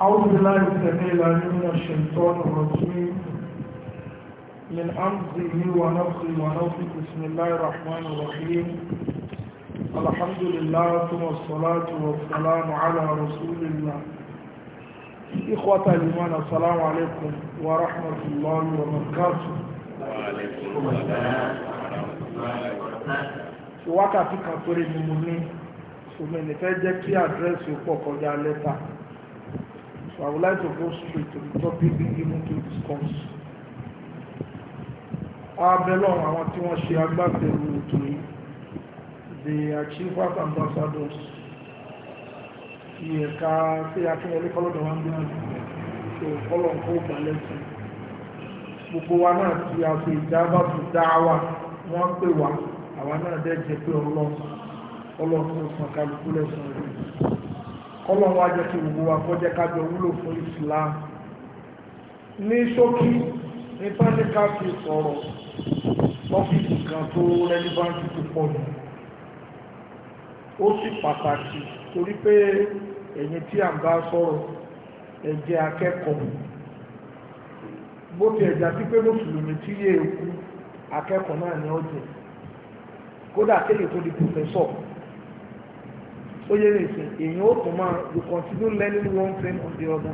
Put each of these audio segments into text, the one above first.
أعوذ بالله السميع العليم من الشيطان الرجيم من أمزه ونفسه ونفسه بسم الله الرحمن الرحيم الحمد لله ثم الصلاة والسلام على رسول الله إخوة الإيمان السلام عليكم ورحمة الله وبركاته وعليكم السلام ورحمة الله وبركاته wákàtí kan péré ni mo ní ṣùgbọ́n ìnìfẹ́ jẹ́ So I would like to go straight to the topic being given to discuss. Abelon, àwọn tí wọ́n ṣe agbátẹrù ètò yìí, the achievers ambassadors, ti ẹ̀ka sí Akínyẹlé follow the bí wọn ṣe kọ́lọ̀ ń kó balẹ̀ sí. Gbogbo wa náà ti a ṣe ìjábá tó dá wa, wọ́n pè wá, àwa náà dẹ́ jẹ́ pé ọlọ́run, ọlọ́run tó sàn kálukú lẹ́sàn-án rẹ̀ kọ́lọ́n wá jẹ́ kí gbogbo wa kọjẹ́ kájọ wúlò fún Islam ní ṣókí ní pàtíkà fi sọ̀rọ̀ tọ́pìkì kan tó rẹ́líbáǹtì tó pọ̀ nù ó sì pàtàkì torí pé ẹ̀yin tí à ń bá sọ̀rọ̀ ẹ jẹ́ akẹ́kọ̀ọ́ bó ti ẹ̀já sí pé mùsùlùmí tí yé eku akẹ́kọ̀ọ́ náà ní ọ̀jẹ̀ kódà kéde tó di pòfẹ́sọ̀ ó yẹ nìsín èyàn ó tún you continue learning one thing on the other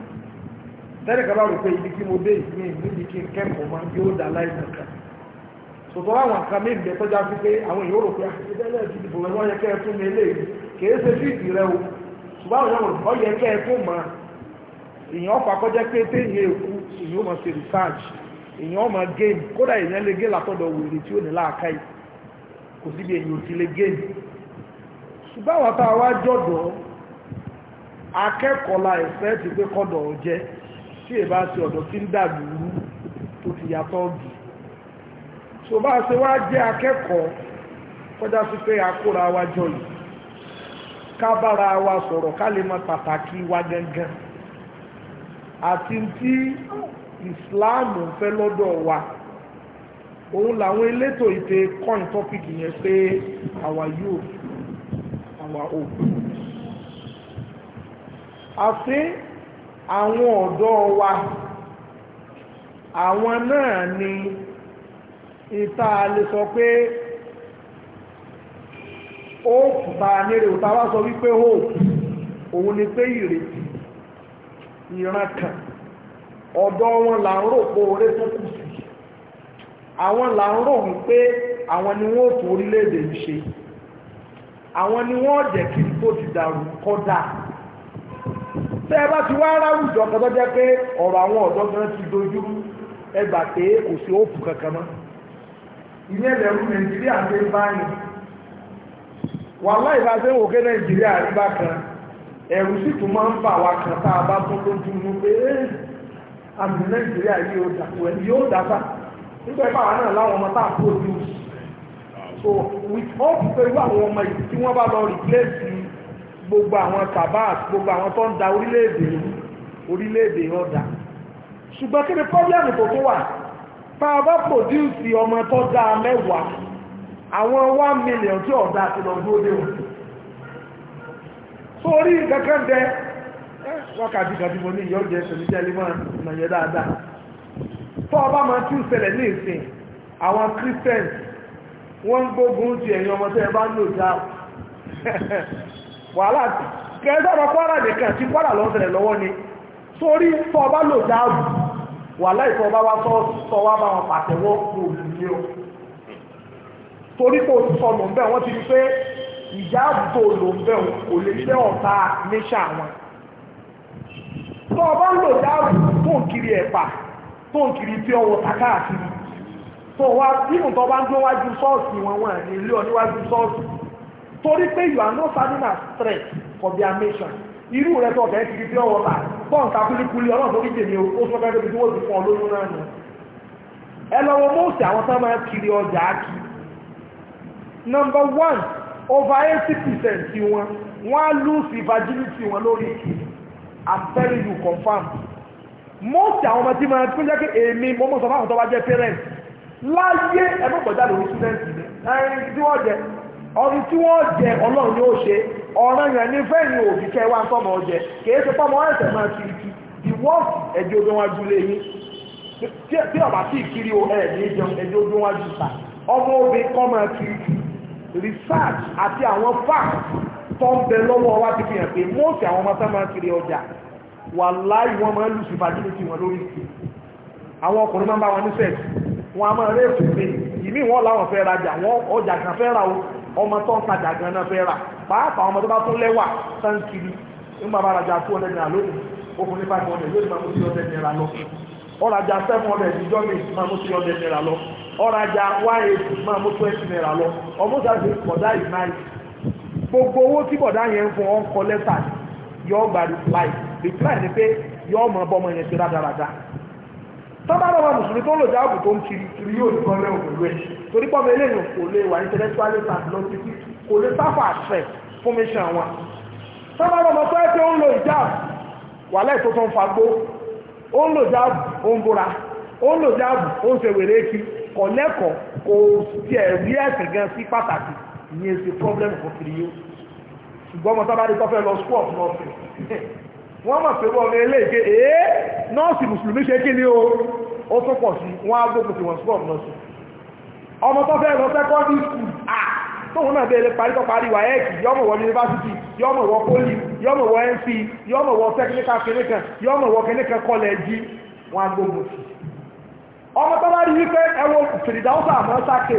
tẹ́lẹ̀ kaba rò ibi tí mo dé ìsinmi níbi kí n kẹ́kọ̀ọ́ máa yóò dá láì nìkan sọ̀tọ̀ àwọn nǹkan mi ìgbẹ́ tọ́já sí pé àwọn èèyàn rò pé àtẹ́lẹ̀ ah, ti dìbò ẹ̀wọ́n yẹ kẹ́ ẹ tún mi ṣe rẹ o ṣùgbọ́n àwọn enyo rò yẹ kẹ́ ẹ tún mọ́ èèyàn ọ̀fà kọjá pé èkú èèyàn ṣe research èèyàn game kódà èèyàn lè wèrè tí ó ní ṣùgbọ́n àwọn tá a wá jọ̀dọ̀ akẹ́kọ̀ọ́ la ẹ̀fẹ́ ti pé kọ́dọ̀ jẹ́ tí èbá ti ọ̀dọ̀ tí ń dàbí rú tó ti yàtọ̀ gì tó bá ṣe wá jẹ́ akẹ́kọ̀ọ́ kọjá sí pé akóra wa jọ yìí ká wa sọ̀rọ̀ ká lè mọ pàtàkì wa gangan àti tí ìsìláàmù fẹ́ lọ́dọ̀ wa òun làwọn elétò ìpè kọ́ìn tọ́pìkì yẹn pé àwa yóò àtàwàó àti àwọn ọ̀dọ́ wa àwọn náà ni ìta lè sọ pé hope bá a nírè òta wá sọ wípé hope òun ni pé ìrètí ìran kan ọ̀dọ̀ wọn là ń rò pé oore tó kù sí àwọn là ń rò wípé àwọn ni wọ́n tó orílẹ̀-èdè ń ṣe àwọn ni wọ́n jẹ́ kí tó ti dàrú kọ́dà tẹ́ ẹ bá ti wá ráwùjọ kan tó jẹ́ pé ọ̀rọ̀ àwọn ọ̀dọ́ gan ti dojú ẹ gbà pé kò sí òòfù kankan mọ́ ìyẹn lẹ́rú nàìjíríà báyìí wàhálà nàìjíríà rí bákan ẹ̀rù sì tún máa ń bà wá kan tá a so with all the pẹ̀lú àwọn ọmọ yìí tí wọ́n bá lọ replace gbogbo àwọn kabas gbogbo àwọn tó ń da orílẹ̀-èdè orílẹ̀-èdè ọ̀dà ṣùgbọ́n kí ni problem tó tó wà tá a bá produce ọmọ tó dáa mẹ́wàá àwọn one million tí ọ̀dà ti lọ dúró dé wọn sórí kankan dẹ wákàtí kan tí mo ní ìyọ́jẹ ìṣòlíṣẹ́ lè máa nàyẹ dáadáa tó ọba máa tún ṣẹlẹ̀ ní ìsìn àwọn Christians wọ́n ń gbógun ti ẹ̀yìn ọmọ tẹ́ bá ń lò já wàhálà kẹsàrọ̀ kwara nìkan tí kwara lọ sẹ̀rẹ̀ lọ́wọ́ ni sórí tọ́ bá lò já bù wàhálà ìtọ́ bá wá tọ́ wá bá wọn pàtẹ́wọ́ kò ní o torí kò sọnù ń bẹ́ wọ́n ti rí pé ìjáàbù tó lò ń bẹ̀ já bù tó ń kiri ẹ̀pà tó ń kiri pure water káàkiri tó wá even tó bá ń dún wájú wọn wọn ní ilé ọ níwájú torí pé you are not standing as threat for their mission irú rẹ tó ọ̀gá ti di pure water bọ́ọ̀n ta kúlíkúlí ọlọ́run tó ní tèmi o sọ fẹ́ẹ́ débi tí wọ́n ti fún ọ lóyún náà nù ẹ lọ́wọ́ mọ́ọ̀sì àwọn tó máa kiri ọjà á number one over eighty percent wọn wọ́n á lose virginity wọn lórí i'm telling you confam mọ́ọ̀sì àwọn ọmọ tí máa èmi láyé ẹgbẹ́gbọ̀dá lórí sílẹ̀ǹtì ni ẹni tí wọ́n jẹ ọdún tí wọ́n jẹ ọlọ́run yóò ṣe ọ̀ràn yẹn ní fẹ́yìn òbí kẹwa tọmọ jẹ kìí ṣe pọ́mọ ẹ̀sẹ̀ máa kiri kí the worst ẹ̀jẹ̀ ogun wa ju lẹ́yìn tí ọba tí kiri o ẹ̀ ní jẹun ẹ̀jẹ̀ ogun wa ju ta ọmọ obìnrin kọ́ máa kiri kí research àti àwọn facts tó ń bẹ lọ́wọ́ wa ti fi hàn pé mọ́ọ̀sì àwọn ọmọ tá máa kiri ọjà wàláì wọ́n máa lùsì fàjílì tí wọ́n lórí sí àwọn ọkùnrin máa ń bá wọn ní sẹ́ẹ̀sì wọn a máa réètò mi ìmí wọn fẹ́ rajà wọn ọjà kan fẹ́ ra o ọmọ tó ń tajà gan náà fẹ́ pàápàá ọmọ tó bá tún lẹ́wà sáńkiri nígbà bá rajà two naira lónìí yóò máa mú lọ ọ̀rajà mi máa mú naira lọ ọ̀rajà one máa mú naira lọ ọmọ sáré bọ̀dá sábàrọ̀ wa mùsùlùmí tó ń lò jáàbù tó ń kiri kiri yóò ní gọ́ọ̀lẹ́ òwúrọ̀ ẹ̀ torí pọ́ mi eléyìí kò lè wà intellectual and kò lè sáfà àṣẹ fún mi ṣe àwọn sábàrọ̀ ọmọ tó ẹ pé ó ń lo ìjáàbù wà láì tó tó ń fagbó ó ń lo ìjáàbù ó ń bóra ó ń lo ìjáàbù ó ń ṣe wèrè kí kò lẹ́kọ̀ọ́ kò tiẹ̀ rí ẹ̀sìn gan sí pàtàkì ìyẹn ṣe problem kò kiri yóò ṣùgbọ́n ọmọ sábàrọ̀ tó fẹ́ wọ́n mọ̀ pé wọ́n rẹ̀ léèké èé nọ́ọ̀sì mùsùlùmí ṣe kí ni o ó tó pọ̀ sí wọ́n á gbókùn tí wọ́n sọ́ nọ́ọ̀sì ọmọ tó fẹ́ lọ sẹ́kọ́ndì skul à tóun náà bẹ̀rẹ̀ parí tó parí wà ẹ́ẹ̀kì yọ́mọ̀ wọ yunifásitì yọ́mọ̀ wọ poli yọ́mọ̀ wọ nc yọ́mọ̀ wọ tẹkíníkà kìnìkan yọ́mọ̀ wọ kìnìkan kọlẹ̀jì wọn gbógun sí ọmọ tó bá rí wípé ẹwọ fìrìdáwọ́sà àmọ́ sáké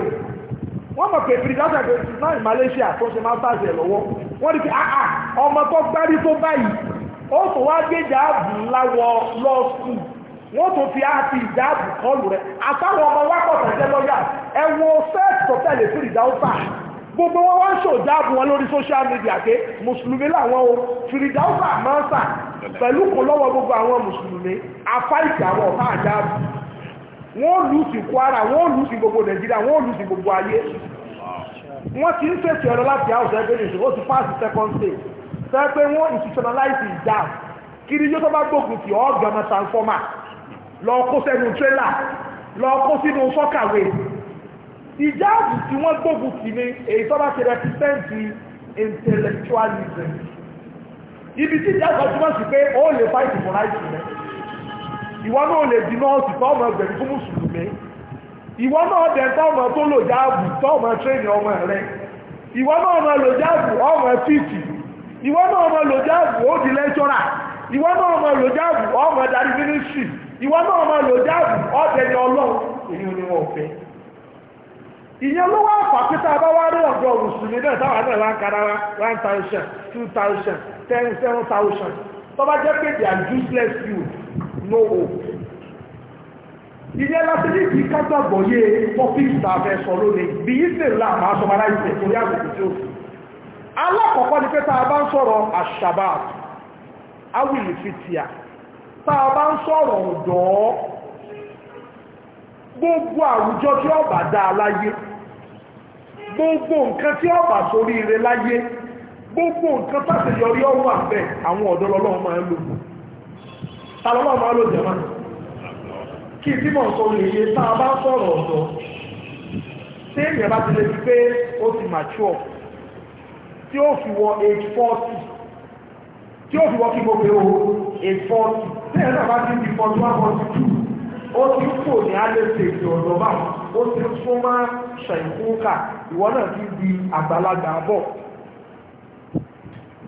wọ́n mọ̀ pé fìrìdáwọ́sà náà ní Malaysia tó ṣe máa ń bàjẹ́ lọ́wọ́ wọ́n rí pé ọmọ tó gbárí tó báyìí ó tún wá gbé jáàbù ńlá wọ lọ́ọ̀ skul wọ́n tún fi àti ìjáàbù kọlù rẹ̀ àtàwọn ọmọ wákọ̀ tẹ̀jẹ́ lọ́yà ẹ̀wọ̀n fẹ́ẹ̀tì tọ́tẹ̀lẹ̀ fún gbogbo wọn wọ́n ṣò jáàbù wọn lórí social media pé mùsùlùmí làwọn o fìrìdáwọ́sà máa ń sà pẹ̀lú kò lọ́wọ́ gbogbo àwọn mùsùlùmí afáìsì àwọn ọ̀tá àjáàbù wọ́n lù sí Kwara wọ́n lù sí gbogbo Nàìjíríà wọ́n lù sí gbogbo ayé wọ́n ti ń fèsì ọ̀rọ̀ láti house ẹgbẹ́ nìṣó ó ti pass second stage sọ pé wọ́n institutionalize ìjà kiri yóò tó bá gbógun ti ọ̀gànmọ̀ transformer lọ kó sẹ́nu tírélà lọ kó sínú fọ́kàwé ìjáàbù tí wọ́n gbógun tì ní èyí tó bá ti the intellectualism ibi tí ìjáàbù túmọ̀ sí pé ó lè fight for right rẹ̀ ìwọ náà lè di nọ́ọ̀sì tó ọmọ ẹgbẹ̀rún fún mùsùlùmí ìwọ náà dẹ̀ tó ọmọ tó lò jáàbù tó ọmọ tírẹ̀nì ọmọ rẹ̀ ìwọ náà máa lò jáàbù ọmọ fíìtì ìwọ náà ọmọ lòjáàbù ó di lẹ́jọ́rà ìwọ náà ọmọ lòjáàbù ọmọ darí mínísírì ìwọ náà ọmọ lòjáàbù ọ̀dẹ̀ni ọlọ́run èyí ni wọ́n fẹ́ ìyẹn ló wá fà pé tá a bá wá rí ọ̀dọ́ mùsùlùmí náà táwọn náà wá ń kára wá one thousand two thousand ten seven thousand tó bá jẹ́ pé they are useless youth no hope ìyẹn láti ní kí kájọ àgbọ̀yé pọ́pí ìta fẹ́ sọ lónìí bí ìsìn ńlá máa sọ bá láì tẹ̀ alákọ̀ọ́kọ́ ni pé tá bá ń sọ̀rọ̀ àṣàbà awìlì fìtìyà bá ń gbogbo àwùjọ tí ọba daa láyé gbogbo nǹkan tí ọba sórí ire láyé gbogbo nǹkan tàṣeyọrí ọwọ́ àbẹ́ àwọn ọ̀dọ́ lọ́lọ́wọ́ máa ń lò tí ó fi wọ age forty tí ó fi wọ kí mo o age forty bẹ́ẹ̀ náà bá ti di forty one forty two ó ti fò ní ọ̀dọ̀ bá ó ti fún má ìwọ náà ti di àgbàlagbà bọ̀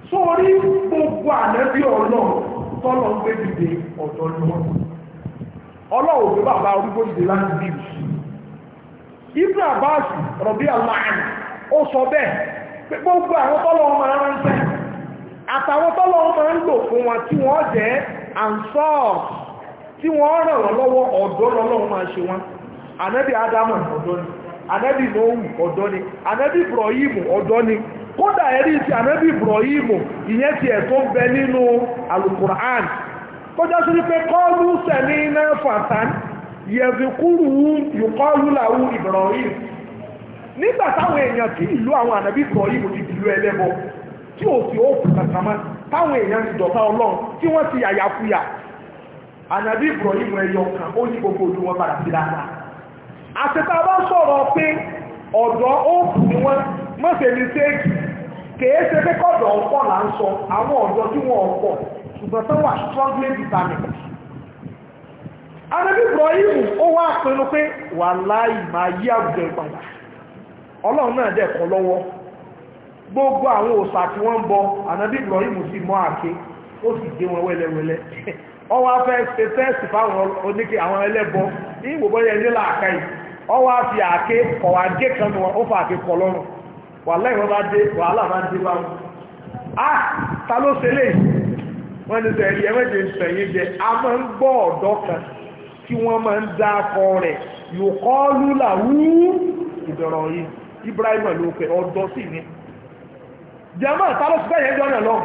sórí gbogbo ọlọ́run tọ́lọ̀ ń gbé dìde ni wọ́n ọlọ́run òbí bàbá arúgbó dìde láti bí sọ bẹ́ẹ̀ gbogbo àwọn tọ́lọ ọmọ ara ń tẹ́ àtàwọn ọmọ ń lò fún wọn tí wọ́n jẹ́ àǹsọ́ tí wọ́n ràn wọ́n lọ́wọ́ ọ̀dọ́ máa ṣe wọn ànábì adamu ọ̀dọ́ ni ànábì nóhù ọ̀dọ́ ni ànábì ibrahim ọ̀dọ́ ni kódà ẹ̀rí ti ìyẹn ti nígbà táwọn èèyàn tí ìlú àwọn ànàbí kọ̀ yìí mo ti dìlú ẹlẹ́bọ tí ò sí òkú kàkàmá táwọn èèyàn ti dọ̀tá ọlọ́run tí wọ́n ti yàyàkuyà ànàbí Ibrahim ẹyọ kan ó ní gbogbo ojú wọn padà sí dáadáa àtẹ̀tà bá sọ̀rọ̀ pé ọ̀dọ́ òkú ni wọ́n mọ́sẹ̀ ní séèkì kèé ṣe pé kọ́dọ̀ ọ̀pọ̀ là ń sọ àwọn ọ̀dọ́ tí wọ́n ọ̀pọ̀ ṣùgbọ́n Ibrahim ọlọ́run náà dẹ̀ kọ́ lọ́wọ́ gbogbo àwọn òsà tí wọ́n ń bọ ànábì Ibrahim sì mọ́ àké ó sì dé wọn wẹ́lẹ́wẹ́lẹ́ ọwọ́ afẹ́ ṣe tẹ́ẹ̀sì fáwọn oníke àwọn ẹlẹ́bọ ìwò bọ́yẹ nílà àká yìí ọwọ́ àfi àké ọ̀wọ́ àgé kan wọn ó fà àké kọ lọ́rùn wà lẹ́yìn bá dé wàhálà bá dé báwọn ah ta ló ṣe lè wọ́n ní sẹ́yìn yẹn wọ́n ti ń sẹ́yìn jẹ a máa ń gbọ́ ọ̀dọ́ kan tí wọ́n máa ń dá akọ rẹ̀ yòókọ́ lúlà wú ìdọ̀rọ̀ yìí Ibrahim ló pẹ̀ ọ̀dọ́ sì ni jama tálọ́sí bẹ́ẹ̀ yẹn jọ́nà lọ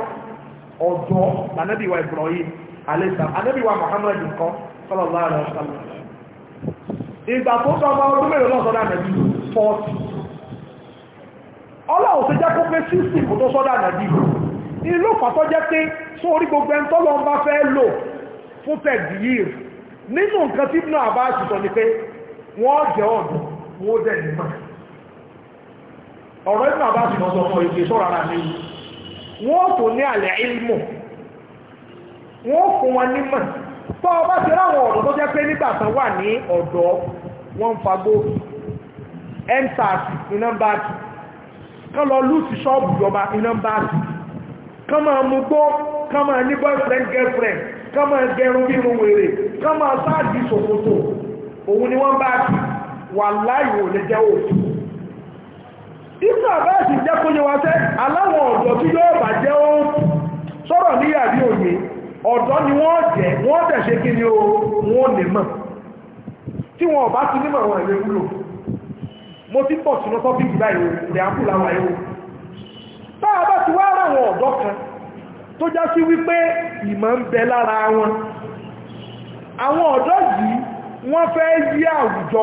ọ̀dọ́ lànàbíwá Ibrahim alẹ́sà ànàbíwá Muhammad nǹkan sallallahu alaihi wasallam ìgbà tó sọ ọmọ ọdún mẹ́rin lọ́sọ̀dá nàbí 40 ọlá òsè jẹ́ kó pé 60 kò tó sọ́dá nàbí ìlú fàtọ́ jẹ́ pé só orí gbogbo ẹn tọ́lọ ń bá fẹ́ lò fún tẹ̀dì yìí nínú nǹkan tí náà bá ṣùtọ̀ ni pé wọ́n jẹ́ ọ̀dùn wọ́n dẹ̀ ní ọ̀rọ̀ ìgbà bá sì mọ́ sọ fún ìgbè sọ́rọ̀ ara mi wọ́n tó ní àlẹ́ ìlmọ̀ wọ́n fún wọn nímọ̀ tó ọba ti ráwọn ọ̀dọ́ tó jẹ́ pé nígbà tán wà ní ọ̀dọ́ wọn fagbó msars iná bá ti kán lọ lùtì ṣọ́ọ̀bù ìjọba iná bá ti kán máa mú gbó kán máa ní boyfriend girlfriend kán máa gẹrun bí irun wèrè kán máa sáàdì ṣòkòtò òun ni wọ́n bá ti wà láì wò lè jẹ́ òfin ìsọ àbáyàsì jẹ́ kó yẹ wá sẹ́ aláwọn ọ̀dọ́ tí yóò bà jẹ́ ó sọ̀rọ̀ ní àbí ni wọ́n jẹ́ wọ́n tẹ̀ṣe kí ni wọ́n lè mọ̀ tí wọ́n bá ti nímọ̀ wọn ìwé wúlò mo ti pọ̀ sínú tọ́pìkì báyìí kan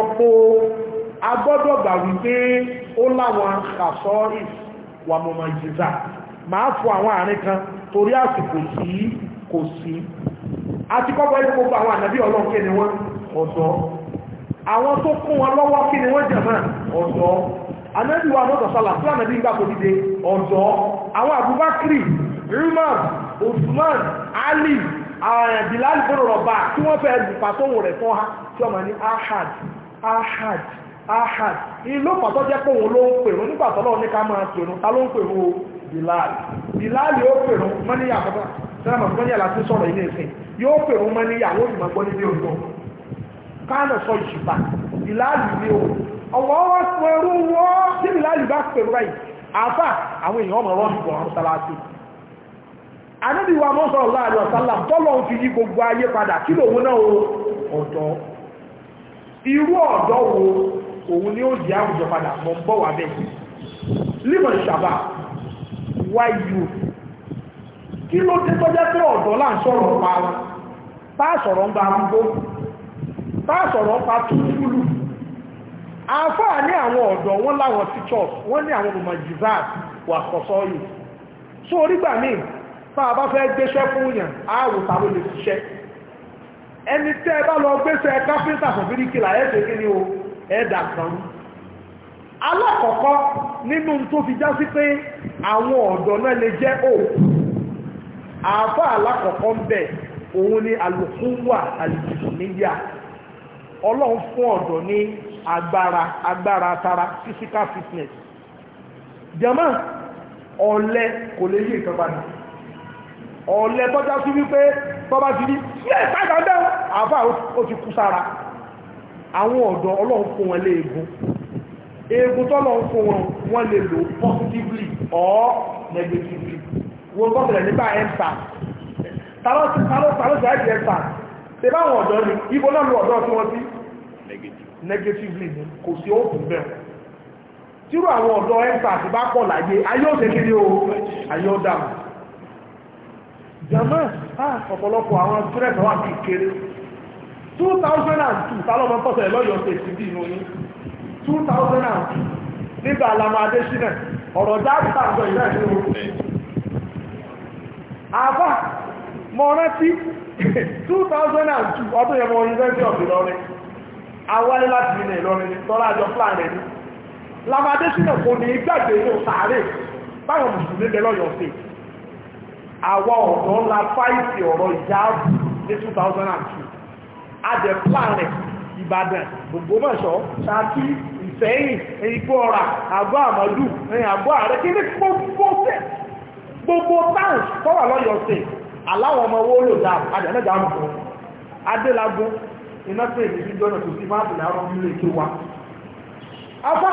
wọn a gbọ́dọ̀ gbà wípé ó láwọn kàṣọ́ ìwà mọ̀mọ̀ ìjìzà máa fọ àwọn àárín kan torí àsìkò tí kò sí àti kọ́kọ́ ilé gbogbo àwọn ànàbí ọlọ́run ni wọ́n ọ̀dọ́ àwọn tó kún wọn lọ́wọ́ kí ni wọ́n jẹ̀mọ́ ọ̀dọ́ ànàbí wa mọ́tọ̀ sálà tí ànàbí ń gbà kò dìde ọ̀dọ́ àwọn Abubakri Umar Usman Ali eh, Bilal bẹ̀rọ̀ rọ̀bà tí wọ́n fẹ́ lùpàtọ́wò rẹ̀ fún ha tí ọmọ ní ahad ahad ahad ilé pàtó jẹ́ pé òun ló ń pèrò nígbà ní ká máa pèrò ta ló ń pèrò pèrò mọ́níyà láti sọ̀rọ̀ yóò pèrò mọ́níyà ó gbọ́ níbi kánà sọ ìṣùpá ní o pẹ̀rú wọ́ tí bá pèrò àfà àwọn èèyàn ọmọ ọ̀rọ̀ mọ́sọ̀rọ̀ láàrin fi yí gbogbo ayé padà kí lòun wo òun ni ó di àwùjọ padà mọ́ ń bọ̀ wá bẹ́ẹ̀ límọ̀ ìṣàbà wáyù kí ló dé tọ́já pé ọ̀dọ́ là ń sọ̀rọ̀ pa wọn bá sọ̀rọ̀ ń ba arúgbó bá sọ̀rọ̀ ń pa túlùkúlù àfáà ní àwọn ọ̀dọ́ wọn láwọn teachers wọ́n ní àwọn ọmọ jizad wà kọ̀sọ́ yìí so orígbà míì bá a bá fẹ́ gbéṣẹ́ fún yàn áàrùn tàbí lè ṣiṣẹ́ ẹni tẹ́ ẹ bá lọ gbéṣẹ́ káfíńtà fún bíríkìlà ẹ̀ ṣe kí ni o ẹ̀dà kan alákọ̀ọ́kọ́ nínú tó fi já sí pé àwọn ọ̀dọ́ náà lè jẹ́ òkú àbá alákọ̀ọ́kọ́ ń bẹ̀ òun ni alùkúnwà alìjìsù níyà ọlọ́run fún ọ̀dọ́ ní agbára agbára tara physical fitness jama ọ̀lẹ kò lè yí ìkọba ní ọ̀lẹ tọ́já sí wípé tọ́bá ti rí sí ẹ̀ àwọn ọ̀dọ́ ọlọ́run fún wọn léegun eegun tọ́lọ́run fún wọn wọ́n lè lò positively or negatively wọ́n bọ́ bẹ̀rẹ̀ nípa ẹ̀ǹtà tàlọ́sà ẹ̀dì ẹ̀ǹtà ṣe báwọn ọ̀dọ́ ni ibo náà lọ ọ̀dọ́ tí wọ́n sí negatively ni kò sí òkú bẹ́ẹ̀ tíró àwọn ọ̀dọ́ ẹ̀ǹtà ti bá pọ̀ láyé ayé òṣè kiri o ayé ó dàmù jama ọ̀pọ̀lọpọ̀ àwọn stress wà ní ìkéré 2002. thousand and two tálọ́mọ tọ́sẹ̀ lọ́yọ̀ọ́ tẹ̀sí bí inú yín two thousand and two nígbà Àlàmú Adéṣínà ọ̀rọ̀ jáde tàbí ìlú ẹ̀sìn òun. àbá mo rántí two thousand and two ọdún yẹn mo yunifásitì ọ̀sìn lọ́rin awálé láti ilẹ̀ Ìlọrin tọ́lá àjọ plan rẹ̀ ni Adéṣínà kò ní gbàgbé inú sàárè báwọn mùsùlùmí la fáìsì ọ̀rọ̀ ìjáàbù ní two adẹ̀pá rẹ̀ ìbàdàn ògbómọ̀ṣọ́ ṣáàkí ìsẹ́yìn ikú ọ̀rà àgọ́ àmọ́dù ẹ̀yìn àgọ́ ààrẹ kí ní gbogbo tẹ̀ gbogbo towns tó wà lọ́yọ̀ sí aláwọn ọmọ owó lò dáa adẹ̀mẹ́jà ń bọ̀ adélagun iná tó èdè jíjọ́ náà kò sí máa bùnà àwọn ilé tó wa afá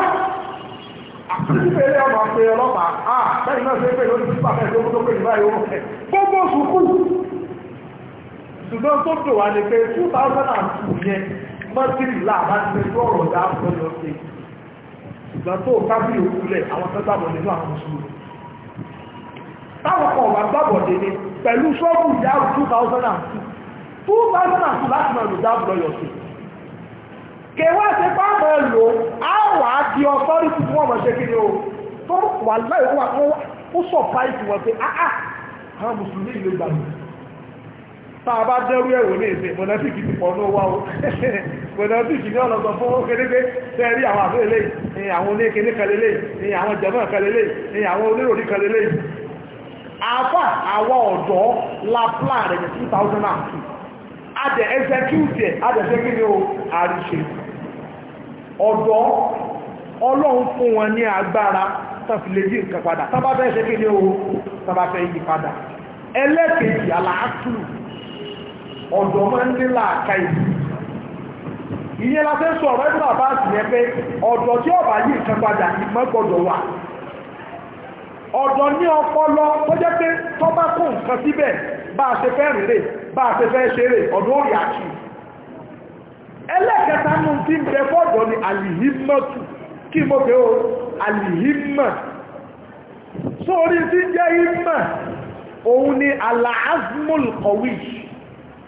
àtúntìpẹ̀lẹ̀ ọmọ pé ọlọ́pàá ah bẹ́ẹ̀ náà ṣe pé lórí pípàfẹ́ tó kó tó pè ní báyìí ó gbogbo sùkúù ṣùgbọ́n tó dò wá ní pé 2002 yẹn mọ́tìrì láàbá ti fẹ́ tó ọ̀rọ̀ dá fún lọ sí ṣùgbọ́n tó kábí òkúlẹ̀ àwọn tó gbàgbọ́ nínú àwọn mùsùlùmí táwọn kan wà gbàgbọ́ délé pẹ̀lú ṣọ́ọ̀bù ìyá 2002 2002 láti máa lò dáàbò lọ́yọ̀ sí kèwà ṣe pápọ̀ lò áwà di ọ̀tọ́rìtì fún ọmọ ṣe kí ni o tó wà láì wọ́n ó sọ̀páìtì wọn pé áá ah, ah, àwọn mùsùlùmí ìlú gbàgbọ́ tá a bá dẹ́rú ẹ̀wò ní èdè mọ̀nàfíìkì ti pọ̀ ní owó mọ̀nàfíìkì ní ọlọ́gbọ̀ fún kéréje tẹ́rí àwọn àfẹ́ lè ní àwọn oníkéné kalẹ̀lẹ̀ ní àwọn jẹ̀mọ́ kalẹ̀lẹ̀ ní àwọn oníròrí kalẹ̀lẹ̀ àfà àwọn ọ̀dọ́ la plan rẹ̀ ní 2002 adẹ̀ execute adẹ̀ fẹ́ kíni o àríṣe ọ̀dọ́ ọlọ́run fún wọn ní agbára tàfilẹ́jì nǹkan padà tábà fẹ́ ṣe kíni o tábà fẹ́ yí padà ẹlẹ́kẹ̀ẹ́jì àlàáfíì ọ̀dọ́ máa ń ní làákà ìlú ìyẹn la fẹ́ sọ ọ̀rọ̀ ẹ̀dùn àbá àtìyẹn pé ọ̀dọ́ tí ọ̀bà yìí kan padà ìmọ̀ gbọ́dọ̀ wà ọ̀dọ́ ní ọpọlọ tó jẹ́ pé tó bá kó nǹkan síbẹ̀ bá a ṣe fẹ́ rèrè bá a ṣe fẹ́ ṣeré ọ̀dọ́ òrì àti ẹlẹ́kẹta nù tí ń bẹ fọ́dọ̀ ni àlìhímọ̀tù kí mo fẹ́ o àlìhímọ̀ sórí tí ń jẹ́ hímọ̀ òun ni àlàázmùl kọ̀wíṣì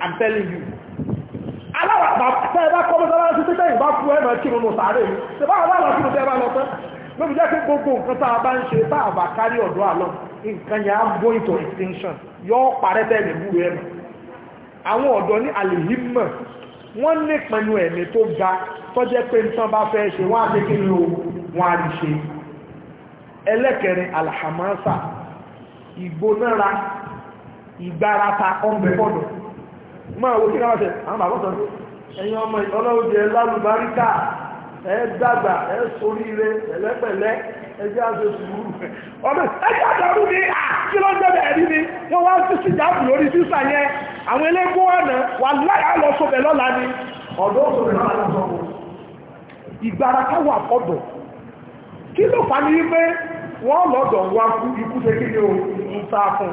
I'm telling you aláwàpá ẹ̀bá kọ́ mọ́sára sí títẹ́ ìbá fún ẹ̀mọ̀ kí nínú sàárè yìí ṣe bá aláwà kí nínú ẹ̀bá lọ́tọ́ lóbi jẹ́ pé gbogbo nǹkan tá a bá ń ṣe tá a bá kárí ọ̀dọ́ àlọ́ nǹkan yà á bọ́ ìtọ̀ extinction yọ parẹ́ bẹ́ẹ̀ lè búrú ẹ̀mọ̀ àwọn ọ̀dọ́ ní àlèhímọ̀ wọ́n ní pẹ̀lú ẹ̀mí tó ga tó jẹ́ pé nǹkan bá fẹ́ ṣe wọ́n á ṣe kí ló wọn á ṣe ẹlẹ́kẹrin alhamasa ìgbónára ìgbárata ọ̀nbẹ̀kọ̀dọ̀ máa wo kí náà ṣe àwọn bàbá sọ ẹ̀yin ọmọ ọlọ́run jẹ lálùbáríkà ẹ dàgbà ẹ soríire pẹ̀lẹ́pẹ̀lẹ́ ẹ jẹ́ àṣẹ sùúrù ọmọ ẹ jẹ́ àdàrú ah, kí ló ń ẹ̀rí ni wọ́n wá sí sí lórí sísà yẹn àwọn ọ̀nà wà láyà lọ lọ́la ni ọ̀dọ́ o ń sá fún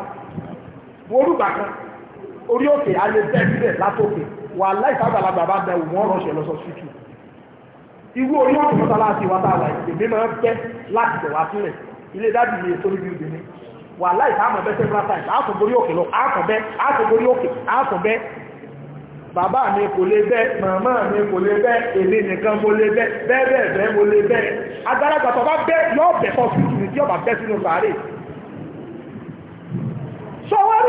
orí òkè ayé bẹ́ẹ̀ síbẹ̀ látòkè wà láìsàgbàlagbà bá bẹ̀rù wọ́n rọ̀ṣẹ̀ lọ́sọ̀ síkì irú orí òkè mọ́sálásí wa tá a wà èmi máa ń fẹ́ láti bẹ̀ wá sílẹ̀ ilé dájú ni èso níbi ìdíní wà láìsàmọ̀ bẹ́ sẹ́fúrà táì àtò borí òkè lọ àtò bẹ́ àtò borí òkè àtò bẹ́ bàbá mi kò lè bẹ́ màmá mi kò lè bẹ́ èmi nìkan mo lè bẹ́ bẹ́ẹ̀ bẹ́ẹ̀ bẹ́ẹ̀ mo lè bẹ́ agbára gbàtọ̀ bá bẹ́ yọ bẹ̀ fọ́ fún ìtì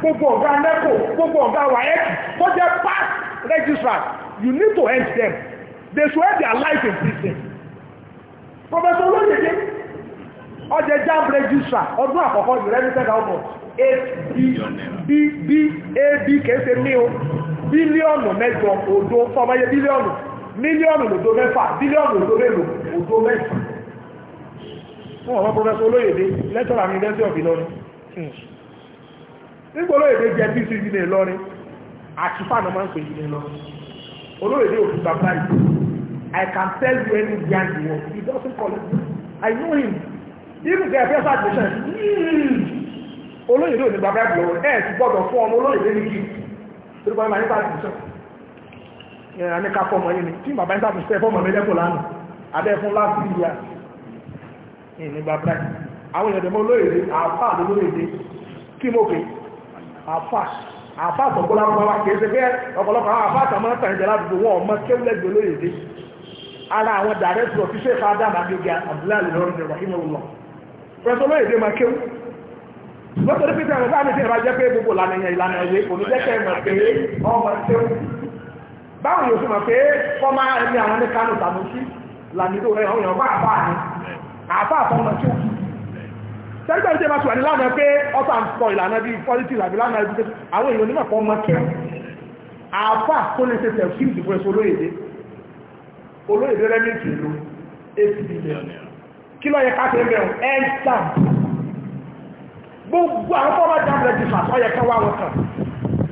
gbogbo ọ̀gá neco gbogbo ọ̀gá waec tó jẹ́ past registrar, you need to help them they should end their life in prison professor olóyèdè ọjẹ́ jamb registrar ọdún àkọ́kọ́ you register government ab kẹsẹ̀ ní o bílíọ̀nù mẹ́jọ òdo fọmọye bílíọ̀nù mílíọ̀nù lòdó mẹ́fà bílíọ̀nù lòdó mélòó òdo mẹ́fà fún ọmọ professor olóyèdè lẹ́tọ̀rọ̀ àmì ìdẹ́sẹ̀ ọ̀bì nígbòrò èdè jẹ bí sí ìdílé lọ́rin àti fáànà máa ń pè ìdílé lọ́rin olóòdè òfin bàbá yìí I can tell you any behind the world he doesn't call it I know him even the first admission hmm. olóòdè òfin bàbá yìí lọ́wọ́ ẹ̀ ti gbọ́dọ̀ fún ọmọ olóòdè ní kí torí bọ́ ẹ̀ máa ń bá admission ẹ̀ àníkà fọmọ yìí ni tí bàbá yìí sábà fẹ́ fọmọ mi lẹ́kọ̀ọ́ lánàá abẹ́ fún last three years ní bàbá yìí àwọn èèyàn dẹ̀ mọ́ olóòdè àáfàá lóòdè kí mo pè é àfà àfà àtọ̀gbọ́lá wọn wá kìí ṣe pé ọ̀pọ̀lọpọ̀ àwọn àfà àtàmọ́ tàn jẹ́ ládùúgbò wọn ọmọ kéwúlẹ̀gbẹ̀ olóyèdè ara àwọn director fi ṣe fàdà màgbègbè Abdullahi lọ́rùn rahim ọlọ́ pẹ̀sọ́ olóyèdè máa kéwú lọ́tọ̀dé pété àwọn sáà mi ti ìrajẹ́ pé gbogbo lànìyàn ìlànà ìwé kò ní jẹ́ kẹ́ ẹ̀ mọ̀ pé ọmọ kéwú báwo yóò fi mọ̀ pé fọ́mà ẹni àwọn ní Kánò Sànúsí làmìdó rẹ̀ ọ̀yàn bá àfà ni àfà àfọ́mọ kéwú sẹ́gbẹ̀rún tí a bá ti wà ní lánàá pé ọ́tà ń sọ ìlànà bí pọ́lítì àbí lánàá ibi àwọn èèyàn onímọ̀ kan mọ́kẹ́ àfà tó lè ṣe tẹ̀sí ìdìbò ẹ̀sọ olóyèdè olóyèdè rẹ́mìtì ìlú acb kí lọ yẹ káfẹ́ mẹ́rin ẹ́ńtàm gbogbo àwọn fọ́nmà jam rẹ̀jìfà tó yẹ ká wá wọn kan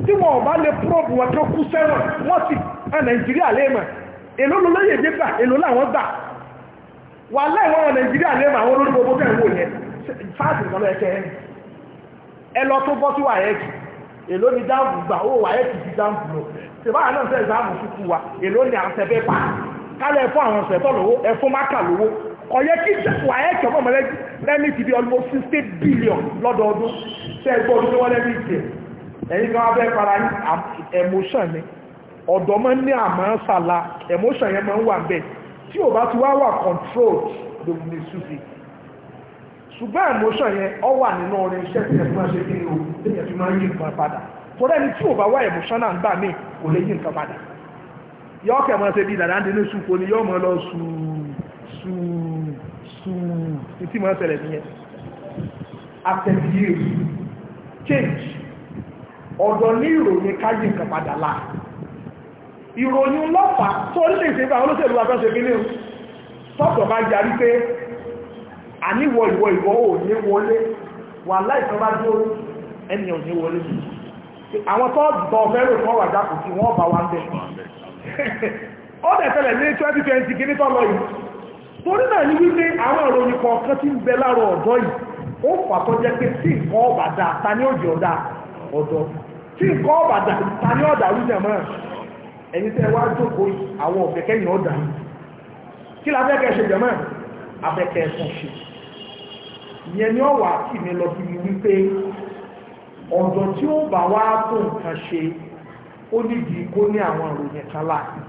tí wọn ò bá lè prọ́bù wọn kan kú sẹ́wọ̀n wọ́n sì ẹ̀ nàìjíríà lẹ́ẹ̀mọ̀ èló lólóyèdè yẹn fáàsì nǹkan lọ́yẹ kẹ́ ẹ̀rìn ẹ lọ tó bọ́ sí wàyẹ́kì èló ni dáàbù gbà ó wàyẹ́kì ti dáàbù lọ tìbáyà náà sẹ́ ìzáàmù fúkú wa èló ni à ń sẹ́fẹ́ pa kálẹ̀ fún àwọn sẹ́tọ̀ lówó ẹ fún mákà lówó ọ̀yẹ́ kí wàyẹ́kì ọmọ mọ̀lẹ́bí lẹ́mí ti di almost sixty billion lọ́dọọdún tẹ́ ẹgbẹ́ ọdún tó wọ́n lẹ́mí ìtì ẹ̀yìn kan abẹ́ para ní emotion ni ọ̀dọ́ mọ́ ní àmọ́ sàlá emotion yẹn máa ń wà bẹ́ẹ̀ tí ò bá ti wá wà controlled lòun ní susie ṣùgbọ́n emotion yẹn ọ wà nínú ọrẹ iṣẹ́ tí ẹ̀fí máa ṣe kí ni o tí ẹ̀fí máa yí nǹkan padà torí ẹni tí ò bá wá emotion náà gbà mí kò lè yí nǹkan padà yọ máa ṣe bí dàdá ń dín ní yọ máa lọ títí máa ṣẹlẹ̀ nìyẹn change ọ̀dọ̀ ní ìròyìn nǹkan padà la àníwọ̀ ìwọ̀ ìwọ̀ ò ní wọlé wà láìsàn bá dúró ẹni ò ní wọlé àwọn tọ́ọ̀dù tọ́ fẹ́rò fún ọ̀rọ̀ àjákù tí wọ́n bá wá ń bẹ̀ ó dẹ̀ tẹ́lẹ̀ ní 2020 kí ní tọ́lọ yìí torí náà ní wípé àwọn ìròyìn kọ̀ọ̀kan tí ń bẹ láàrọ̀ ọ̀dọ́ yìí ó fà tó jẹ́ pé tí nǹkan ọ̀bà dà ta ní òjì ọ̀dà ọ̀dọ́ tí nǹkan ọ̀bà dà ta ní ọ̀dà wíjẹ̀ mọ́ ẹni tẹ́ wá jókòó àwọn ọ̀fẹ́kẹ́yìn ọ̀dà kí la fẹ́ kẹ́ ṣe jẹ̀mọ́ afẹ́kẹ́ ẹ̀sùn ṣe ìyẹn ni ọ̀wà kì mí lọ bí wípé ọ̀dọ̀ tí ó bá wá tó nǹkan ṣe ó nídìí kó ní àwọn ìròyìn kan láàyè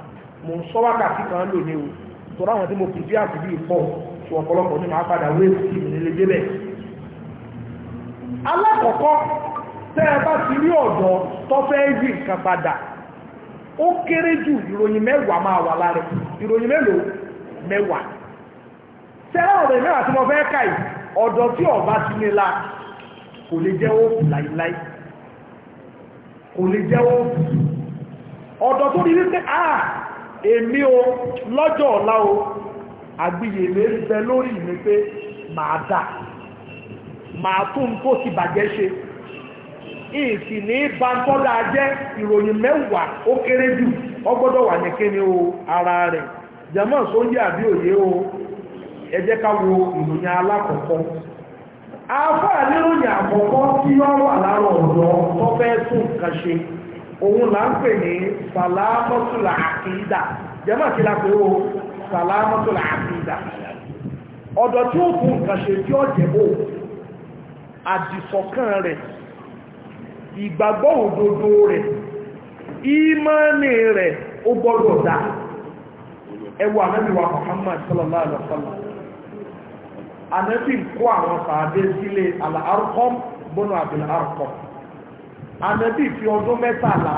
mò ń sọ wákàtí kan lò ní o tọ́lá àwọn tí mo pè bí àbúrò ìpọ̀ tí ọ̀pọ̀lọpọ̀ ní máa padà wé sí ìrìnlẹ̀ débẹ̀ alákọ̀ọ́kọ́ tẹ́ ẹ bá ti rí ọ̀dọ́ tó fẹ́ yí nǹkan padà ó kéré jù ìròyìn mẹ́wàá máa wà lára ìròyìn mélòó mẹ́wàá tẹ́lá ọ̀rọ̀ ìmẹ́wàá tí mo fẹ́ kà ọ̀dọ̀ tí ọba ti ní kò lè jẹ́ òòfù kò lè jẹ́ ọ̀dọ̀ tó rí wípé à èmi o lọ́jọ́ ọ̀la o àgbìyèlé bẹ lórí mi pé màá dà màá tún tó ti bàjẹ́ ṣe ìsì ní bantọ́lá jẹ́ ìròyìn mẹ́wàá ó kéré jù ọgbọ́dọ̀ wà ní o ara o ẹ jẹ́ ká wo ìròyìn alákọ̀ọ́kọ́ àáfàá níròyìn àkọ́kọ́ tí ó wà lára ọ̀dọ́ tó fẹ́ tún nǹkan òun là ń pè ní sàlámọ́tòlà àkìdà jẹ́mọ̀ kí la pé o sàlámọ́tòlà àkìdà ọ̀dọ́ tí ó tún tí ó rẹ̀ ìgbàgbọ́ òdodo rẹ̀ ìmọ̀ọ́nì rẹ̀ anabi kó àwọn sàádé sílé al-Arqam bọ́nà àbìlà Arqam anabi fi ọdún mẹ́tàlá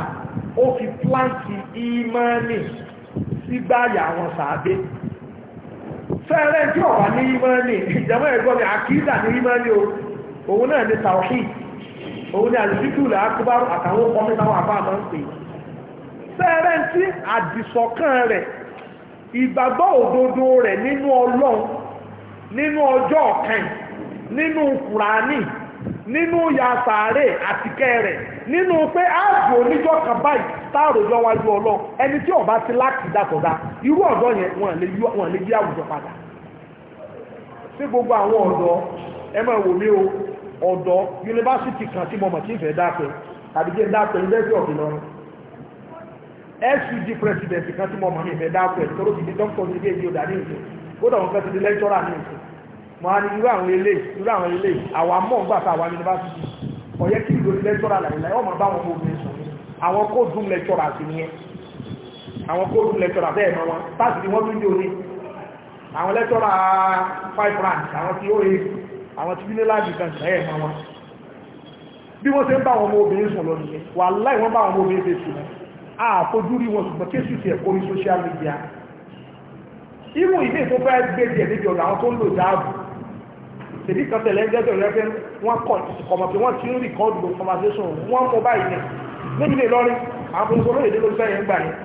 ó fi pláǹkì ìmánì sígbáyà àwọn sàádé fẹ́rẹ́ tí ọ̀wà ní ìmánì ìjẹmọ́ ẹ̀gbọ́n mi àkídà ní ìmánì o òun náà ní tawhid òun ní àdìsíkú ilẹ̀ akúbárù àtàwọn kọ́mítàwọn àbáàmọ́ ń pè fẹ́rẹ́ tí àdìsọ́kàn rẹ̀ ìgbàgbọ́ òdodo rẹ̀ nínú ọlọ́run nínú ọjọ́ ọ̀kan nínú kùránì nínú yasàárè àtikẹ́ rẹ̀ nínú pé áàbò oníjọ́ kan báyìí wájú ọlọ́ ẹni tí ọba ti láti dàtọ̀dá irú ọ̀dọ́ yẹn wọ́n lè yí àwùjọ padà sí gbogbo àwọn ọ̀dọ́ o ọ̀dọ́ yunifásitì kan tí tí ń fẹ́ dápẹ́ tàbí president kan tí kódà wọn kẹ́tù di lẹ́jọ́rà ní ìsìn mo á ní irú àwọn ilé irú àwọn ilé àwọn amọ̀ ń gbà tá àwọn yunifásitì ọ̀yẹ́ kí ìlú lẹ́jọ́rà làyìnláyìn ọmọ bá wọn obìnrin sùn àwọn kóòdù lẹ́jọ́rà sí nìyẹn àwọn kóòdù lẹ́jọ́rà bẹ́ẹ̀ mọ́ wọn táàsì ni wọ́n tún dé òní àwọn lẹ́jọ́rà five rand àwọn tí ó he àwọn tí nílé láàbì kan sẹ́ẹ̀ mọ́ wọn bí wọ́n ṣe ń bá àwọn ọmọ obìnrin sùn lọ nìyẹn wàláì wọ́n bá àwọn ọmọ obìnrin sùn lọ àfojú rí wọn ṣùgbọ́n kéṣù tiẹ̀ kórí social media irú ilé tó fẹ́ gbé jẹ níbi ọ̀dọ̀ àwọn tó ń lò dáàbò tèmi kan tẹ̀lé ẹgbẹ́jọ rẹ pé wọ́n kọ̀ ọmọ pé wọ́n ti ń rìkọ́dù lò conversation wọ́n mú báyìí ní níbi Ìlọrin àwọn ọmọ olóyèdè ló fẹ́ yẹn gbà yẹn